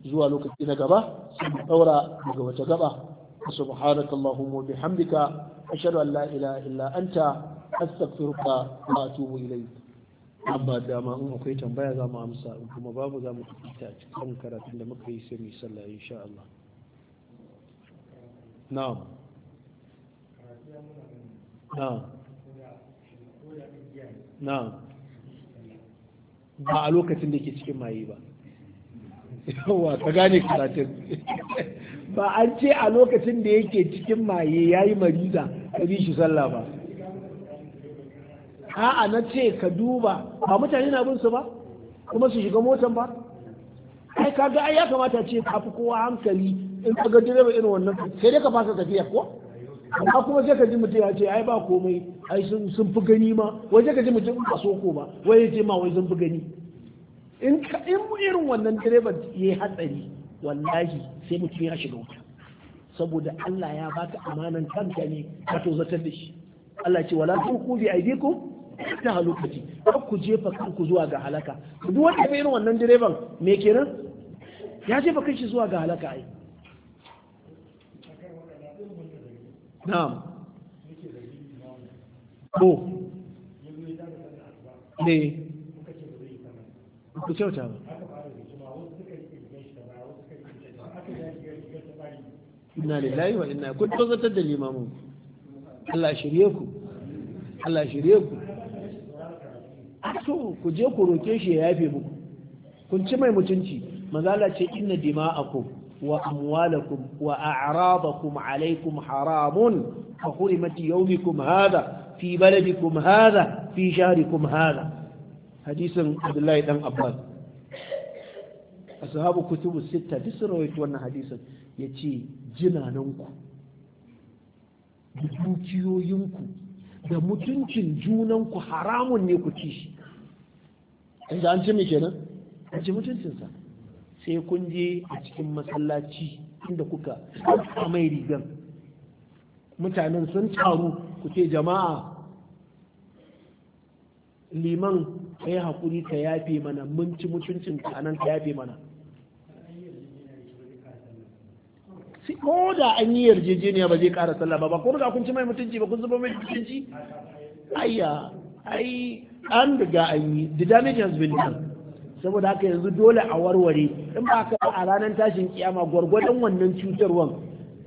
zuwa lokaci na gaba sai mu daura daga wata gaba subhanaka allahumma wa bihamdika ashhadu an la ilaha illa anta astaghfiruka wa atubu ilayk amma ma in akwai tambaya za mu amsa in kuma babu za mu fita cikin karatun da muka yi sai mu sallah insha Allah na'am na'am na'am ba a lokacin da ke cikin maye ba yawa ka gane karatun ba an ce a lokacin da yake cikin maye ya yi mariza ka bi shi sallah ba a'a na ce ka duba ba mutane na bin su ba kuma su shiga motan ba ai kaga ai ya kamata ce ka fi kowa hankali in ka ga direba irin wannan sai dai ka fasa tafiya ko amma kuma sai ka ji mutum ya ce ai ba komai ai sun fi gani ma wai sai ka ji mutum ba ko ba wai ya ce ma wai sun fi gani in ka in irin wannan direban ya yi hatsari wallahi sai mutum ya shiga wuta saboda Allah ya baka amanan kanka ne ka tozatar da shi Allah ce wala ku bi aidiku ta halukaci kar ku jefa kanku zuwa ga halaka duk wanda bai irin wannan direban me kenan ya jefa kanshi zuwa ga halaka ai na'am ko ne ku kyauta ba inna lillahi wa inna kun tozartar da limamin Allah shirye ku Allah shirye ku to ku je ku roke shi ya yafe muku kun ci mai mutunci mazala ce inna dima'akum wa amwalakum wa a'radakum alaikum haramun fa hurimat yawmikum hadha fi baladikum hadha fi shahrikum hadha hadisin abdullahi dan abbas ashabu kutubu sitta duk sun rawaito wannan hadisin ya ce jinananku da dukiyoyinku da mutuncin junanku haramun ne ku ci shi inda an ce mai kenan a ce mutuncinsa sai kun je a cikin masallaci inda kuka mai rigan mutanen sun taru ku ce jama'a liman ka yi haƙuri ka yafe mana mun ci mutuncin ka anan ka yafe mana ko da an yi yarjejeniya ba zai ƙara sallah ba ba ko da kun ci mai mutunci ba kun zuba mai mutunci ayya ai an riga an yi the damage has been done saboda haka yanzu dole a warware in ba ka a ranar tashin kiyama gwargwadon wannan cutarwan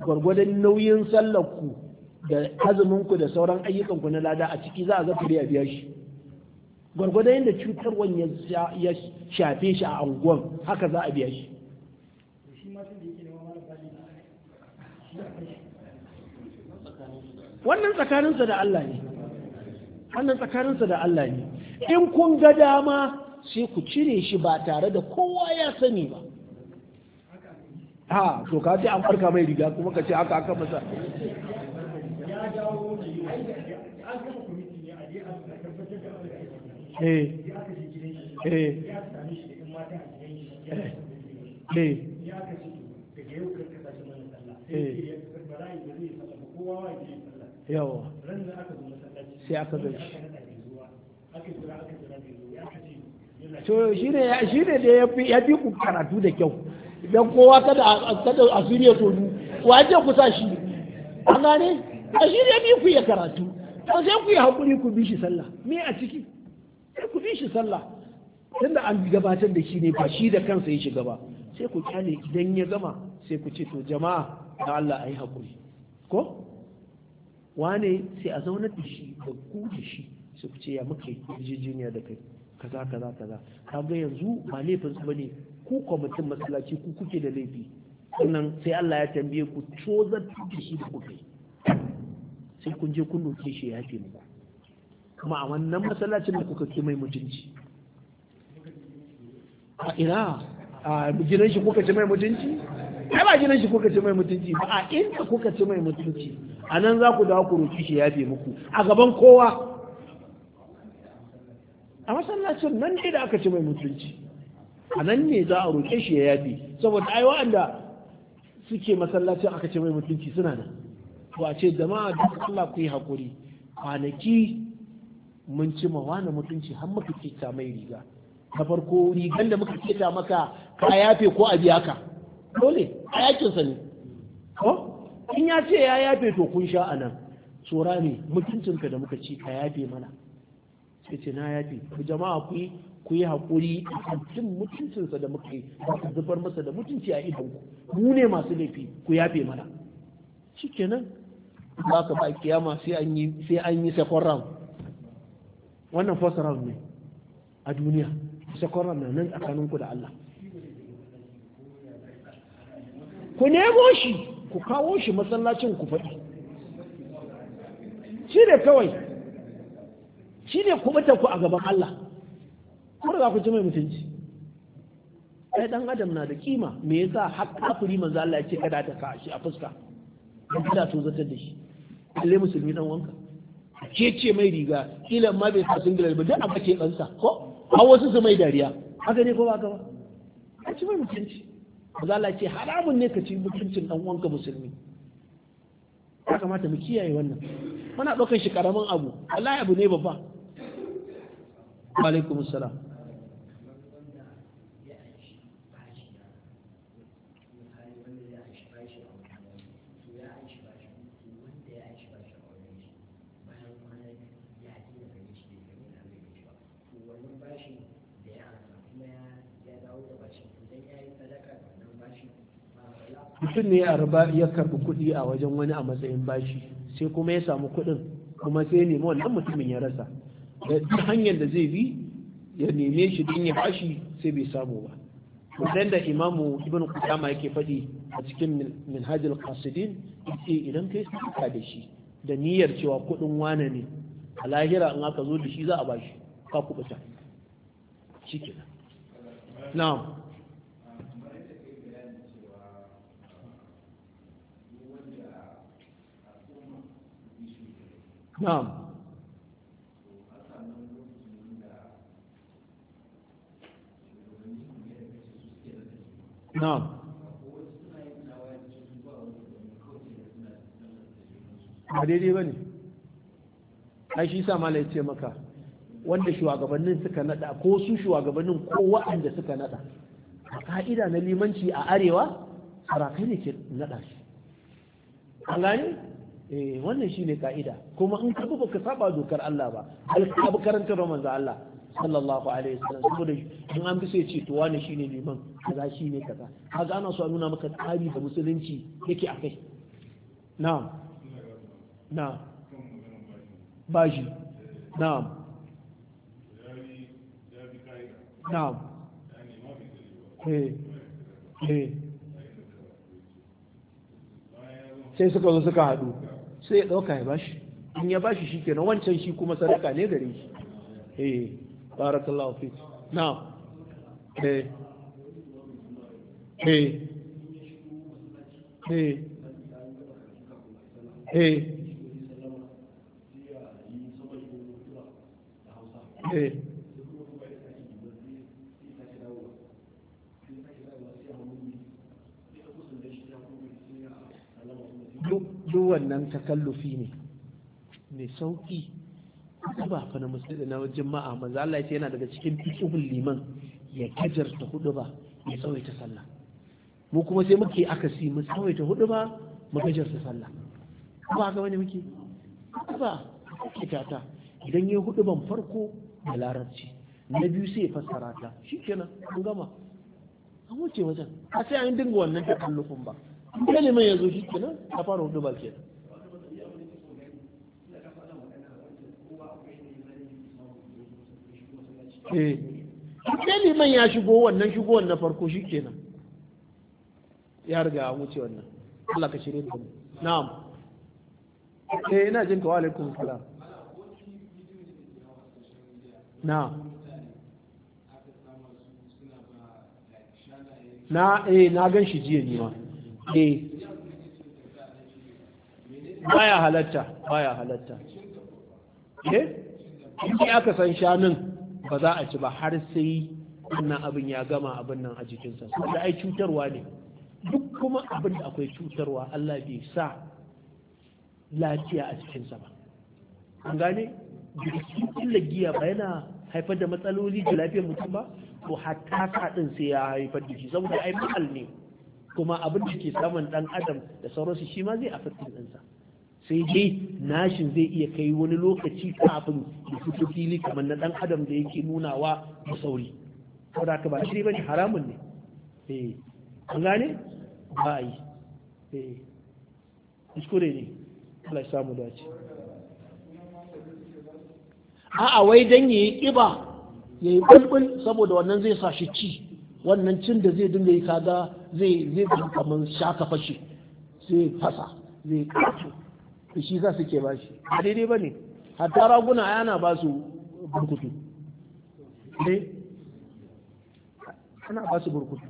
gwargwadon nauyin sallar ku da azumin ku da sauran ayyukan ku na lada a ciki za a ga fure a biya shi gwargwadon yadda cutarwan ya shafe shi a anguwar haka za a biya shi wannan tsakaninsa da Allah ne wannan tsakaninsa da Allah ne in kun ga dama sai ku cire shi ba tare da kowa ya sani ba ha to ka ce an farka mai riga kuma ka ce haka aka masa Eh. Eh. Eh. yawa sai aka gan shi shi ne da ya fi ku karatu da kyau idan kowa kada a suriya tonu wajen kusa shi an gane a shi ne ku ya karatu sai ku yi haƙuri ku bi shi sallah me a ciki sai ku fi shi sallah tunda an gabatar da shi ne ba shi da kansa ya shiga ba sai ku kyale idan ya gama sai ku ce to jama'a da Allah ayi hakuri ko wane sai a zaunar da shi da ku da shi sai ku ce ya muka yarjejeniya da kai kaza kaza kaza kaga yanzu ba laifin su bane ku kwamitin masallaci ku kuke da laifi sannan sai Allah ya tambaye ku cozar da shi da kuka sai kun je kun doke shi ya fi muku kuma a wannan masallacin da kuka ki mai mutunci a ina a gidan shi kuka ci mai mutunci ai ba gidan shi kuka ci mai mutunci ba a inda kuka ci mai mutunci a nan za ku dawo ku roƙi shi ya muku a gaban kowa a masallacin nan ne da aka ci mai mutunci a nan ne za a roƙe shi ya yafi saboda ai wa'anda suke masallacin aka ce mai mutunci suna nan to a ce jama'a duk Allah ku yi hakuri kwanaki mun ci mawa na mutunci har muka keta mai riga na farko rigan da muka keta maka ka yafe ko a biya ka dole a yakin sa ne ko in ya ce ya yafe to kun sha anan tsora ne mutuncinka da muka ci ka yafe mana sai ce na yafe ku jama'a ku yi ku yi hakuri a cin mutuncinsa da muka yi ku zubar masa da mutunci a idan ku mu ne masu laifi ku yafe mana shikenan ba ka ba kiyama sai an yi sai an yi sakon round wannan first ne a duniya second na nan tsakaninku da Allah ku nemo shi ku kawo shi masallacin ku faɗi shi ne kawai shi ne ku a gaban Allah kuma za ku ji mai mutunci ai dan adam na da kima me yasa har kafiri manzo Allah ya ce kada ta ka shi a fuska dan kada to zata da shi alle musulmi dan wanka Ke ce mai riga kila ma bai sa singilal ba duk a bace ɗansa ko a wasu su mai dariya haka ne ko ba ka ba a ci mai mutunci mazala ce haramun ne ka ci mutuncin ɗan uwanka musulmi ya kamata mu kiyaye wannan muna ɗaukar shi karamin abu wallahi abu ne babba alaikum salam mutum ne ya karɓi kuɗi a wajen wani a matsayin bashi sai kuma ya samu kuɗin kuma sai ya nemi wannan mutumin ya rasa da duk hanyar da zai bi ya neme shi don ya bashi sai bai samu ba wannan da imamu ibn Kudama yake faɗi a cikin minhajul qasidin yace idan kai sadaka da shi da niyyar cewa kuɗin wane ne a lahira in aka zo da shi za a bashi ka shi shikenan na'am نعم نعم ba daidai ba ne ai shi sa mala ce maka wanda shugabannin suka nada ko su shugabannin ko wa'anda suka nada a ka'ida na limanci a arewa sarakai ne ke nada shi an gani. eh wannan shine ka'ida kuma in ka ba ka saba dokar Allah ba karanta da manzo Allah sallallahu alaihi wasallam saboda in an bi sai ce to wani shine liman kaza shine kaza kaga ana so a nuna maka tsari da musulunci yake akai na'am na'am baji na'am na'am eh eh sai suka zo suka haɗu sai ya ɗauka ya bashi in ya bashi shi kenan wancan shi kuma sadaka ne gare shi eh barakallahu fi na eh eh eh eh eh duk wannan takallufi ne mai sauki ba fa na musulmi na jama'a manzo Allah ya ce yana daga cikin fiqhul liman ya ta hudu ba ya tsawaita sallah mu kuma sai muke akasi mu tsawaita hudu ba mu gajarta sallah ba ga wani muke ba kitata idan yayi hudu ban farko da larabci na biyu sai fassara ta shikenan an gama an wuce wajen a sai an dinga wannan takallufin ba in liman ya zo shi kenan ta fara hudu ba ke eh sai ya shigo wannan shigowar na farko shi kenan ya riga an wuce wannan Allah ka shirin da mu na'am eh ina jin ka wa alaikum salam na eh na gan shi jiya ne ma eh baya halatta baya halatta eh in aka san shanun ba za a ci ba har sai wannan abin ya gama abin nan a jikinsa saboda ai cutarwa ne duk kuma abin da akwai cutarwa Allah bai sa lafiya a cikinsa ba an gane illa giya ba yana haifar da matsaloli da lafiyar mutum ba to hatta kaɗin sai ya haifar da shi saboda ai makal ne kuma abin da ke samun dan adam da sauransu shi ma zai affecting ɗansa sai dai nashin zai iya kai wani lokaci kafin da fito fili kamar na dan adam da yake nunawa da sauri da haka ba shi bane haramun ne eh an gane ba yi eh kuskure ne Allah ya samu dace a'a wai dan yayi kiba yayi bulbul saboda wannan zai sa shi ci wannan cin da zai dinga yi kaga zai zai ga kamar shaka fashi sai fasa zai kato to shi za su ke ba shi a daidai ba ne hatta raguna yana ba su burkutu ne ana ba su burkutu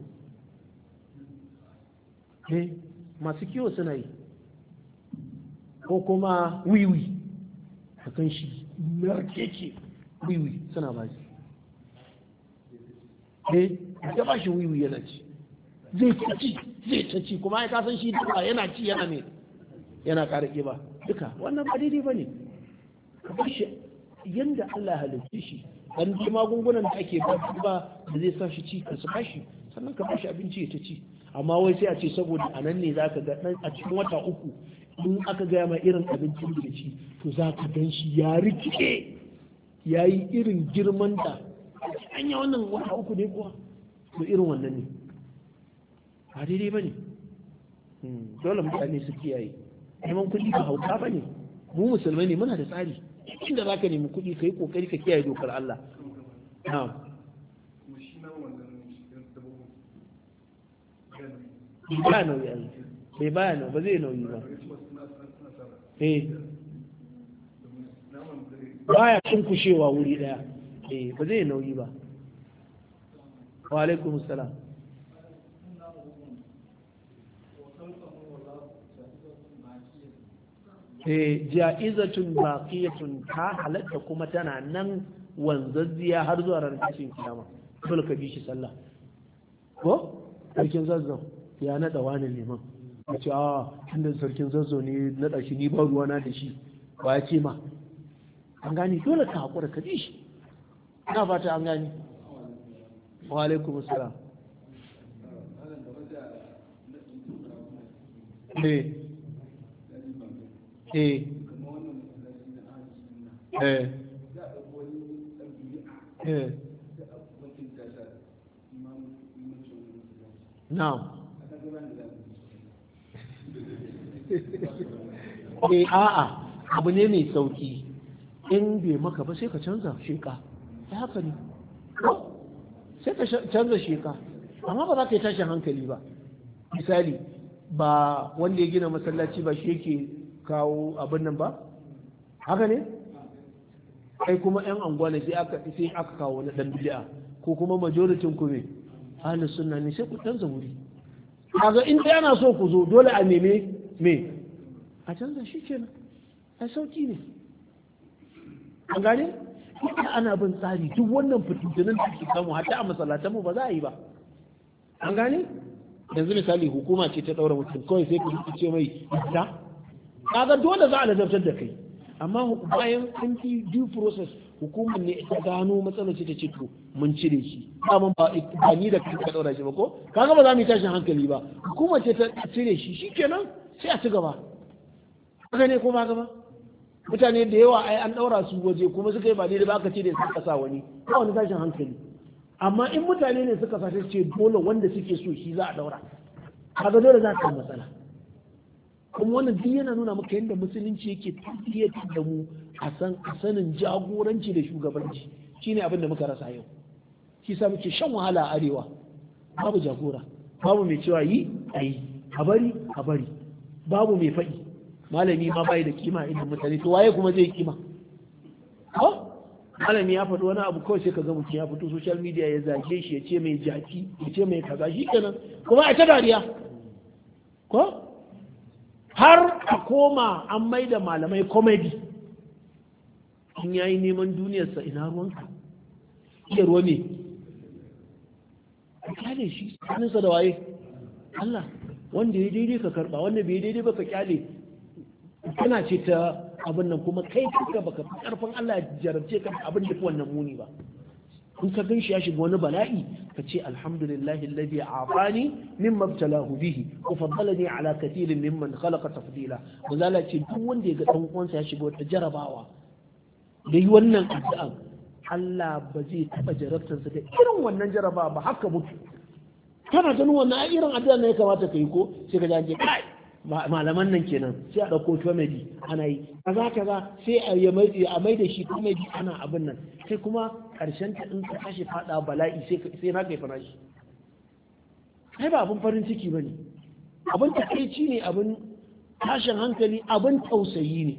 ne masu kiwo suna yi ko kuma wiwi a kan shi narkeke wiwi suna ba shi ne ya ba shi wiwi yana ci zai ta ci zai ta ci kuma ya kasan shi duka yana ci yana ne yana ƙiba duka wannan ba daidai ba ka bar shi yanda Allah halitta shi dan ji magungunan da ake ba ba da zai sa shi ci ka bashi kashi sannan ka ba abinci ya ta ci amma wai sai a ce saboda anan ne za ka ga a cikin wata uku in aka gaya ma irin abincin da ci to za ka gan shi ya rike ya yi irin girman da an yi wannan wata uku ne kuwa to irin wannan ne ba daidai ba ne hmm, dole mutane su kiyaye neman kuɗi ba hauka ba ne mu musulmai ne muna da tsari inda za ka nemi kuɗi ka yi ƙoƙari ka kiyaye dokar Allah na'am ba nauyi Allah bai baya nauyi ba zai nauyi ba eh baya cin kushewa wuri daya eh ba zai nauyi ba wa alaikum salam eh ja'izatun baqiyatun ta halatta kuma tana nan wanzazziya har zuwa ranar tashin kiyama dole ka bi shi sallah ko sarkin zazzau ya nada wani liman ya ce a ah, tunda sarkin zazzau ne nada shi ni ba ruwana da shi ba ya ce ma an gane dole ka haƙura ka bi shi ina fata an gane wa alaikum eh eh eh eh *laughs* eh a'a abu ne mai sauki in bai maka ba sai ka canza sheka ya haka ne sai ka canza sheka amma ba za ka yi tashin hankali ba misali ba wanda ya gina masallaci ba shi yake kawo abin nan ba haka ne ai kuma yan angwana ne sai aka sai aka kawo na dan bid'a ko kuma majoritin ku ne ahlus sunna ne sai ku canza wuri kaga in dai ana so ku zo dole a neme me a canza shi kenan a sauki ne an gane ana bin tsari duk wannan fitintunan da su samu hatta a masallatan mu ba za a yi ba an gane yanzu misali hukuma ce ta daura mutum kawai sai ku ce mai ta kaga dole za a ladabtar da kai amma bayan an fi due process hukumar ne ta gano matsalar ce ta ce to mun cire shi ba ba ni da kuka daura shi ba ko kaga ba za mu yi tashin hankali ba hukumar ce ta cire shi shikenan sai a ci gaba kaga ne ko ba gaba mutane da yawa ai an daura su waje kuma suka yi ba da ba aka ce da su sa wani ba wani tashin hankali amma in mutane ne suka sa ce dole wanda suke so shi za a ɗaura kaga dole za ka matsala kuma wannan duk yana nuna maka yadda musulunci yake tabbatar da mu a san sanin jagoranci da shugabanci shine abin da muka rasa yau shi sa muke shan wahala a arewa babu jagora babu mai cewa yi a yi a bari a bari babu mai faɗi malami ma bai da kima inda mutane to waye kuma zai kima ko malami ya faɗi wani abu kawai sai ka ga mutum ya fito social media ya zage shi ya ce mai jaki ya ce mai kaza shi kenan kuma a ta dariya ko har a koma an mai da malamai comedy in yayi neman duniyarsa ina ruwanka iya ruwa a kyale shi sa da waye Allah wanda ya daidai ka karba wanda bai daidai ba ka kyale magana ce ta abin nan kuma kai kanka baka fi karfin Allah jarabce ka abin da wannan muni ba in ka gan shi ya shiga wani bala'i ka ce alhamdulillahi alladhi afani mimma ibtalahu bihi wa faddalani ala kathirin mimman khalaqa tafdila bazala ce duk wanda ya ga dan uwansa ya shiga wata jarabawa da yi wannan addu'a Allah ba zai taba jarabtar da irin wannan jaraba ba haka mutu kana ganin wannan irin addu'a ne ya kamata ka yi ko sai ka ji kai malaman nan kenan sai a ɗauko comedy ana yi A za ka za sai a mai da shi comedy ana abin nan sai kuma ƙarshen ta in ka kashe fada bala'i sai na kai fara shi Sai ba abin farin ciki ba ne abin takaici ne abin tashin hankali abin tausayi ne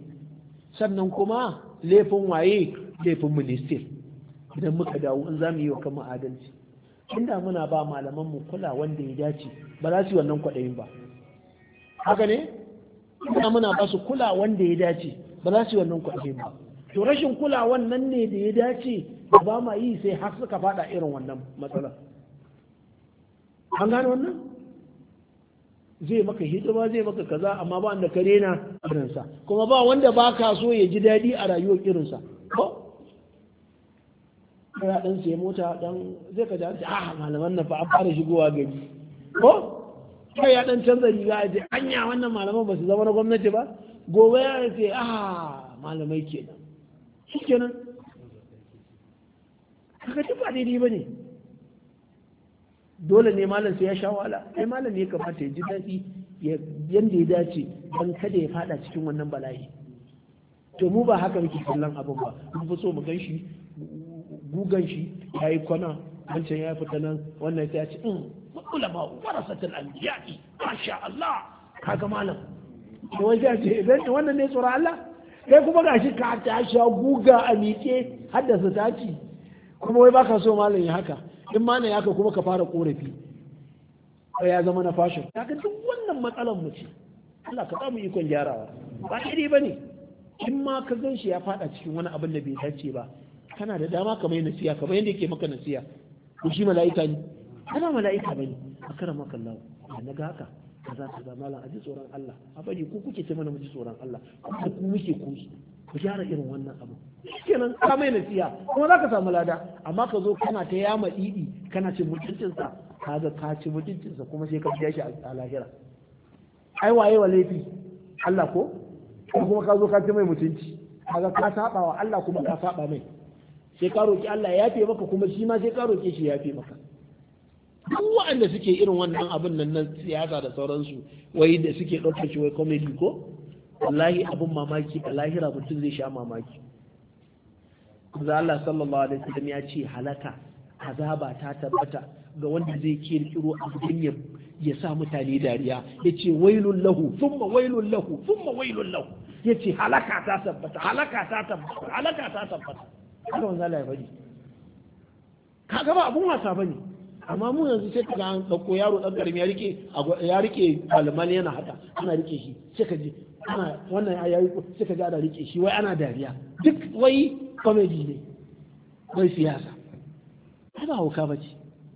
sannan kuma laifin waye laifin ministir idan muka dawo in za mu yi wa kama adalci inda muna ba malaman mu kula wanda ya dace ba za su yi wannan kwaɗayin ba haka ne ina muna ba su kula wanda ya dace ba za su yi wannan kwaje ba to rashin kula wannan ne da ya dace ba ba ma yi sai har suka fada irin wannan matsalar an gane wannan zai maka hidima zai maka kaza amma ba wanda ka rena irinsa kuma ba wanda ba ka so ya ji daɗi a rayuwar irinsa ko ya dan sai mota dan zai ka ji a ah, malaman nan fa an fara shigowa gari ko kai ya dan canza riga ya ce hanya wannan malaman ba su zama na gwamnati ba gobe ya ce ah malamai kenan shi nan haka duk ba daidai ba ne dole ne malam sai ya sha wahala ai malam ne kamata ya ji daɗi yadda ya dace don kada ya fada cikin wannan bala'i to mu ba haka muke kallon abin ba mun fi so mu gan shi gugan shi ya yi kwana wancan ya fita nan wannan sai ya ce mm, ulama warasatul anbiya'i masha Allah kaga malam ga ce idan wannan ne tsoron Allah kai kuma gashi ka ta sha guga a miƙe haddasa ta kuma wai baka so malam ya haka in ma ne haka kuma ka fara korafi ya zama na Ya kaga duk wannan matsalan mu ce Allah ka mu ikon gyarawa ba iri ba ne in ma ka gan shi ya fada cikin wani abin da bai dace ba kana da dama ka mai nasiya ka bayan yake maka nasiya ko shi mala'ika ne ana mala'ika bane a karan makallawa a na haka ba za ka zama a ji tsoron Allah a bari ko kuke ce mana mu ji tsoron Allah kuma ku muke ku ku gyara irin wannan abu kenan ka mai nasiya kuma za ka samu lada amma ka zo kana ta yama didi kana ce mutuncinsa kaga ka ci mutuncinsa kuma sai ka biya shi a lahira ai waye wa laifi Allah ko kuma ka zo ka ci mai mutunci kaga ka saba wa Allah kuma ka saba mai sai ka roki Allah ya yafe maka kuma shi ma sai ka roke shi ya yafe maka duk waɗanda suke irin wannan abin nan na siyasa da sauransu wai da suke ɗaukar shi wai comedy ko wallahi abin mamaki a lahira mutum zai sha mamaki za Allah sallallahu alaihi wasallam ya ce halaka azaba ta tabbata ga wanda zai kirkiro abin ya ya sa mutane dariya ya ce wailun lahu thumma wailun lahu thumma wailun lahu ya ce halaka ta tabbata halaka ta tabbata halaka ta tabbata haka Allah ya faɗi kaga ba abun wasa bane amma mu yanzu sai ga an dauko yaro dan karami ya rike ya rike yana haka ana rike shi sai ka ji ana wannan ayayi sai ka ji ana rike shi wai ana dariya duk wai comedy ne wai siyasa ba hauka bace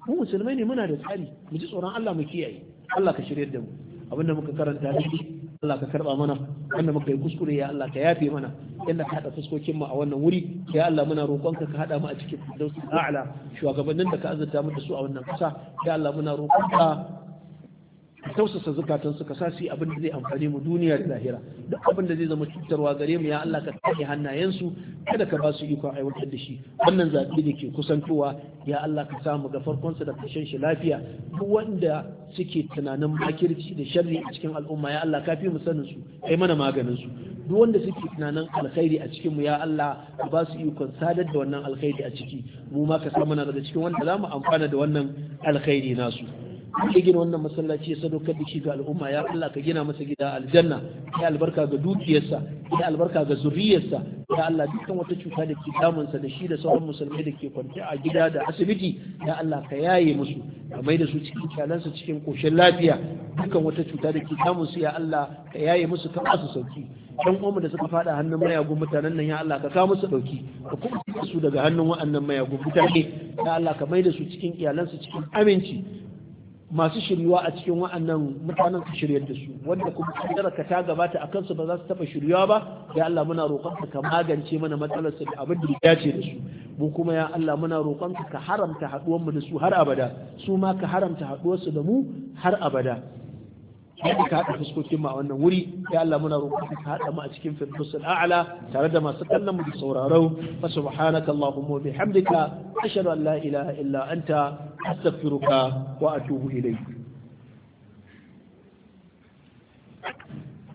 mu musulmai ne muna da tsari mu ji tsoron Allah mu kiyaye Allah ka shirye da mu abinda muka karanta shi Allah ka karba mana wanda muka yi kuskure ya Allah ka yafe mana yanda ka hada fuskokin mu a wannan wuri ya Allah muna roƙonka ka haɗa mu a cikin dausul a'la shugabannin da ka azurta mu da su a wannan kasa ya Allah muna roƙonka ka tausasa zukatan su ka sa su abin da zai amfani mu duniya da lahira duk abin da zai zama cutarwa gare mu ya Allah ka kare hannayen su kada ka ba su ikon aiwatar da shi wannan zaɓe da ke kusantowa ya Allah ka samu ga farkon sa da ƙarshen shi lafiya duk wanda suke tunanin makirci da sharri a cikin al'umma ya Allah ka fi mu sanin su kai mana maganin su duk wanda suke tunanin alkhairi a cikin mu ya Allah ka ba su ikon sadar da wannan alkhairi a ciki mu ma ka sa mana daga cikin wanda za mu amfana da wannan alkhairi nasu ya gina wannan masallaci ya sadaukar da shi ga al'umma ya Allah ka gina masa gida aljanna ya albarka ga dukiyarsa ya albarka ga zuriyarsa ya Allah dukkan wata cuta da ke damunsa da shi da sauran musulmai da ke kwance a gida da asibiti ya Allah ka yaye musu ka maida su cikin kyalansa cikin koshin lafiya dukkan wata cuta da ke damunsu ya Allah ka yaye musu ka ba su sauki dan uwanmu da suka faɗa hannun mayagun mutanen nan ya Allah ka kawo musu ɗauki. ka kuma su daga hannun wa'annan mayagun mutane ya Allah ka maida su cikin iyalansu cikin aminci masu shiryuwa a cikin wa'annan mutanen ka shiryar da su wanda kuma kaddara ka ta gabata a kansu ba za su taɓa shiryuwa ba ya Allah muna roƙon ka magance mana matsalar su da abin da ya ce da su mu kuma ya Allah muna roƙon ka haramta haɗuwar mu da su har abada su ma ka haramta haɗuwar su da mu har abada yadda ka haɗa fuskokin mu a wannan wuri ya Allah muna roƙon ka haɗa mu a cikin firdausul a'la tare da masu kallon mu da sauraro fa subhanaka allahumma wa bihamdika ashhadu an la ilaha illa anta astaghfiruka wa atubu ilayk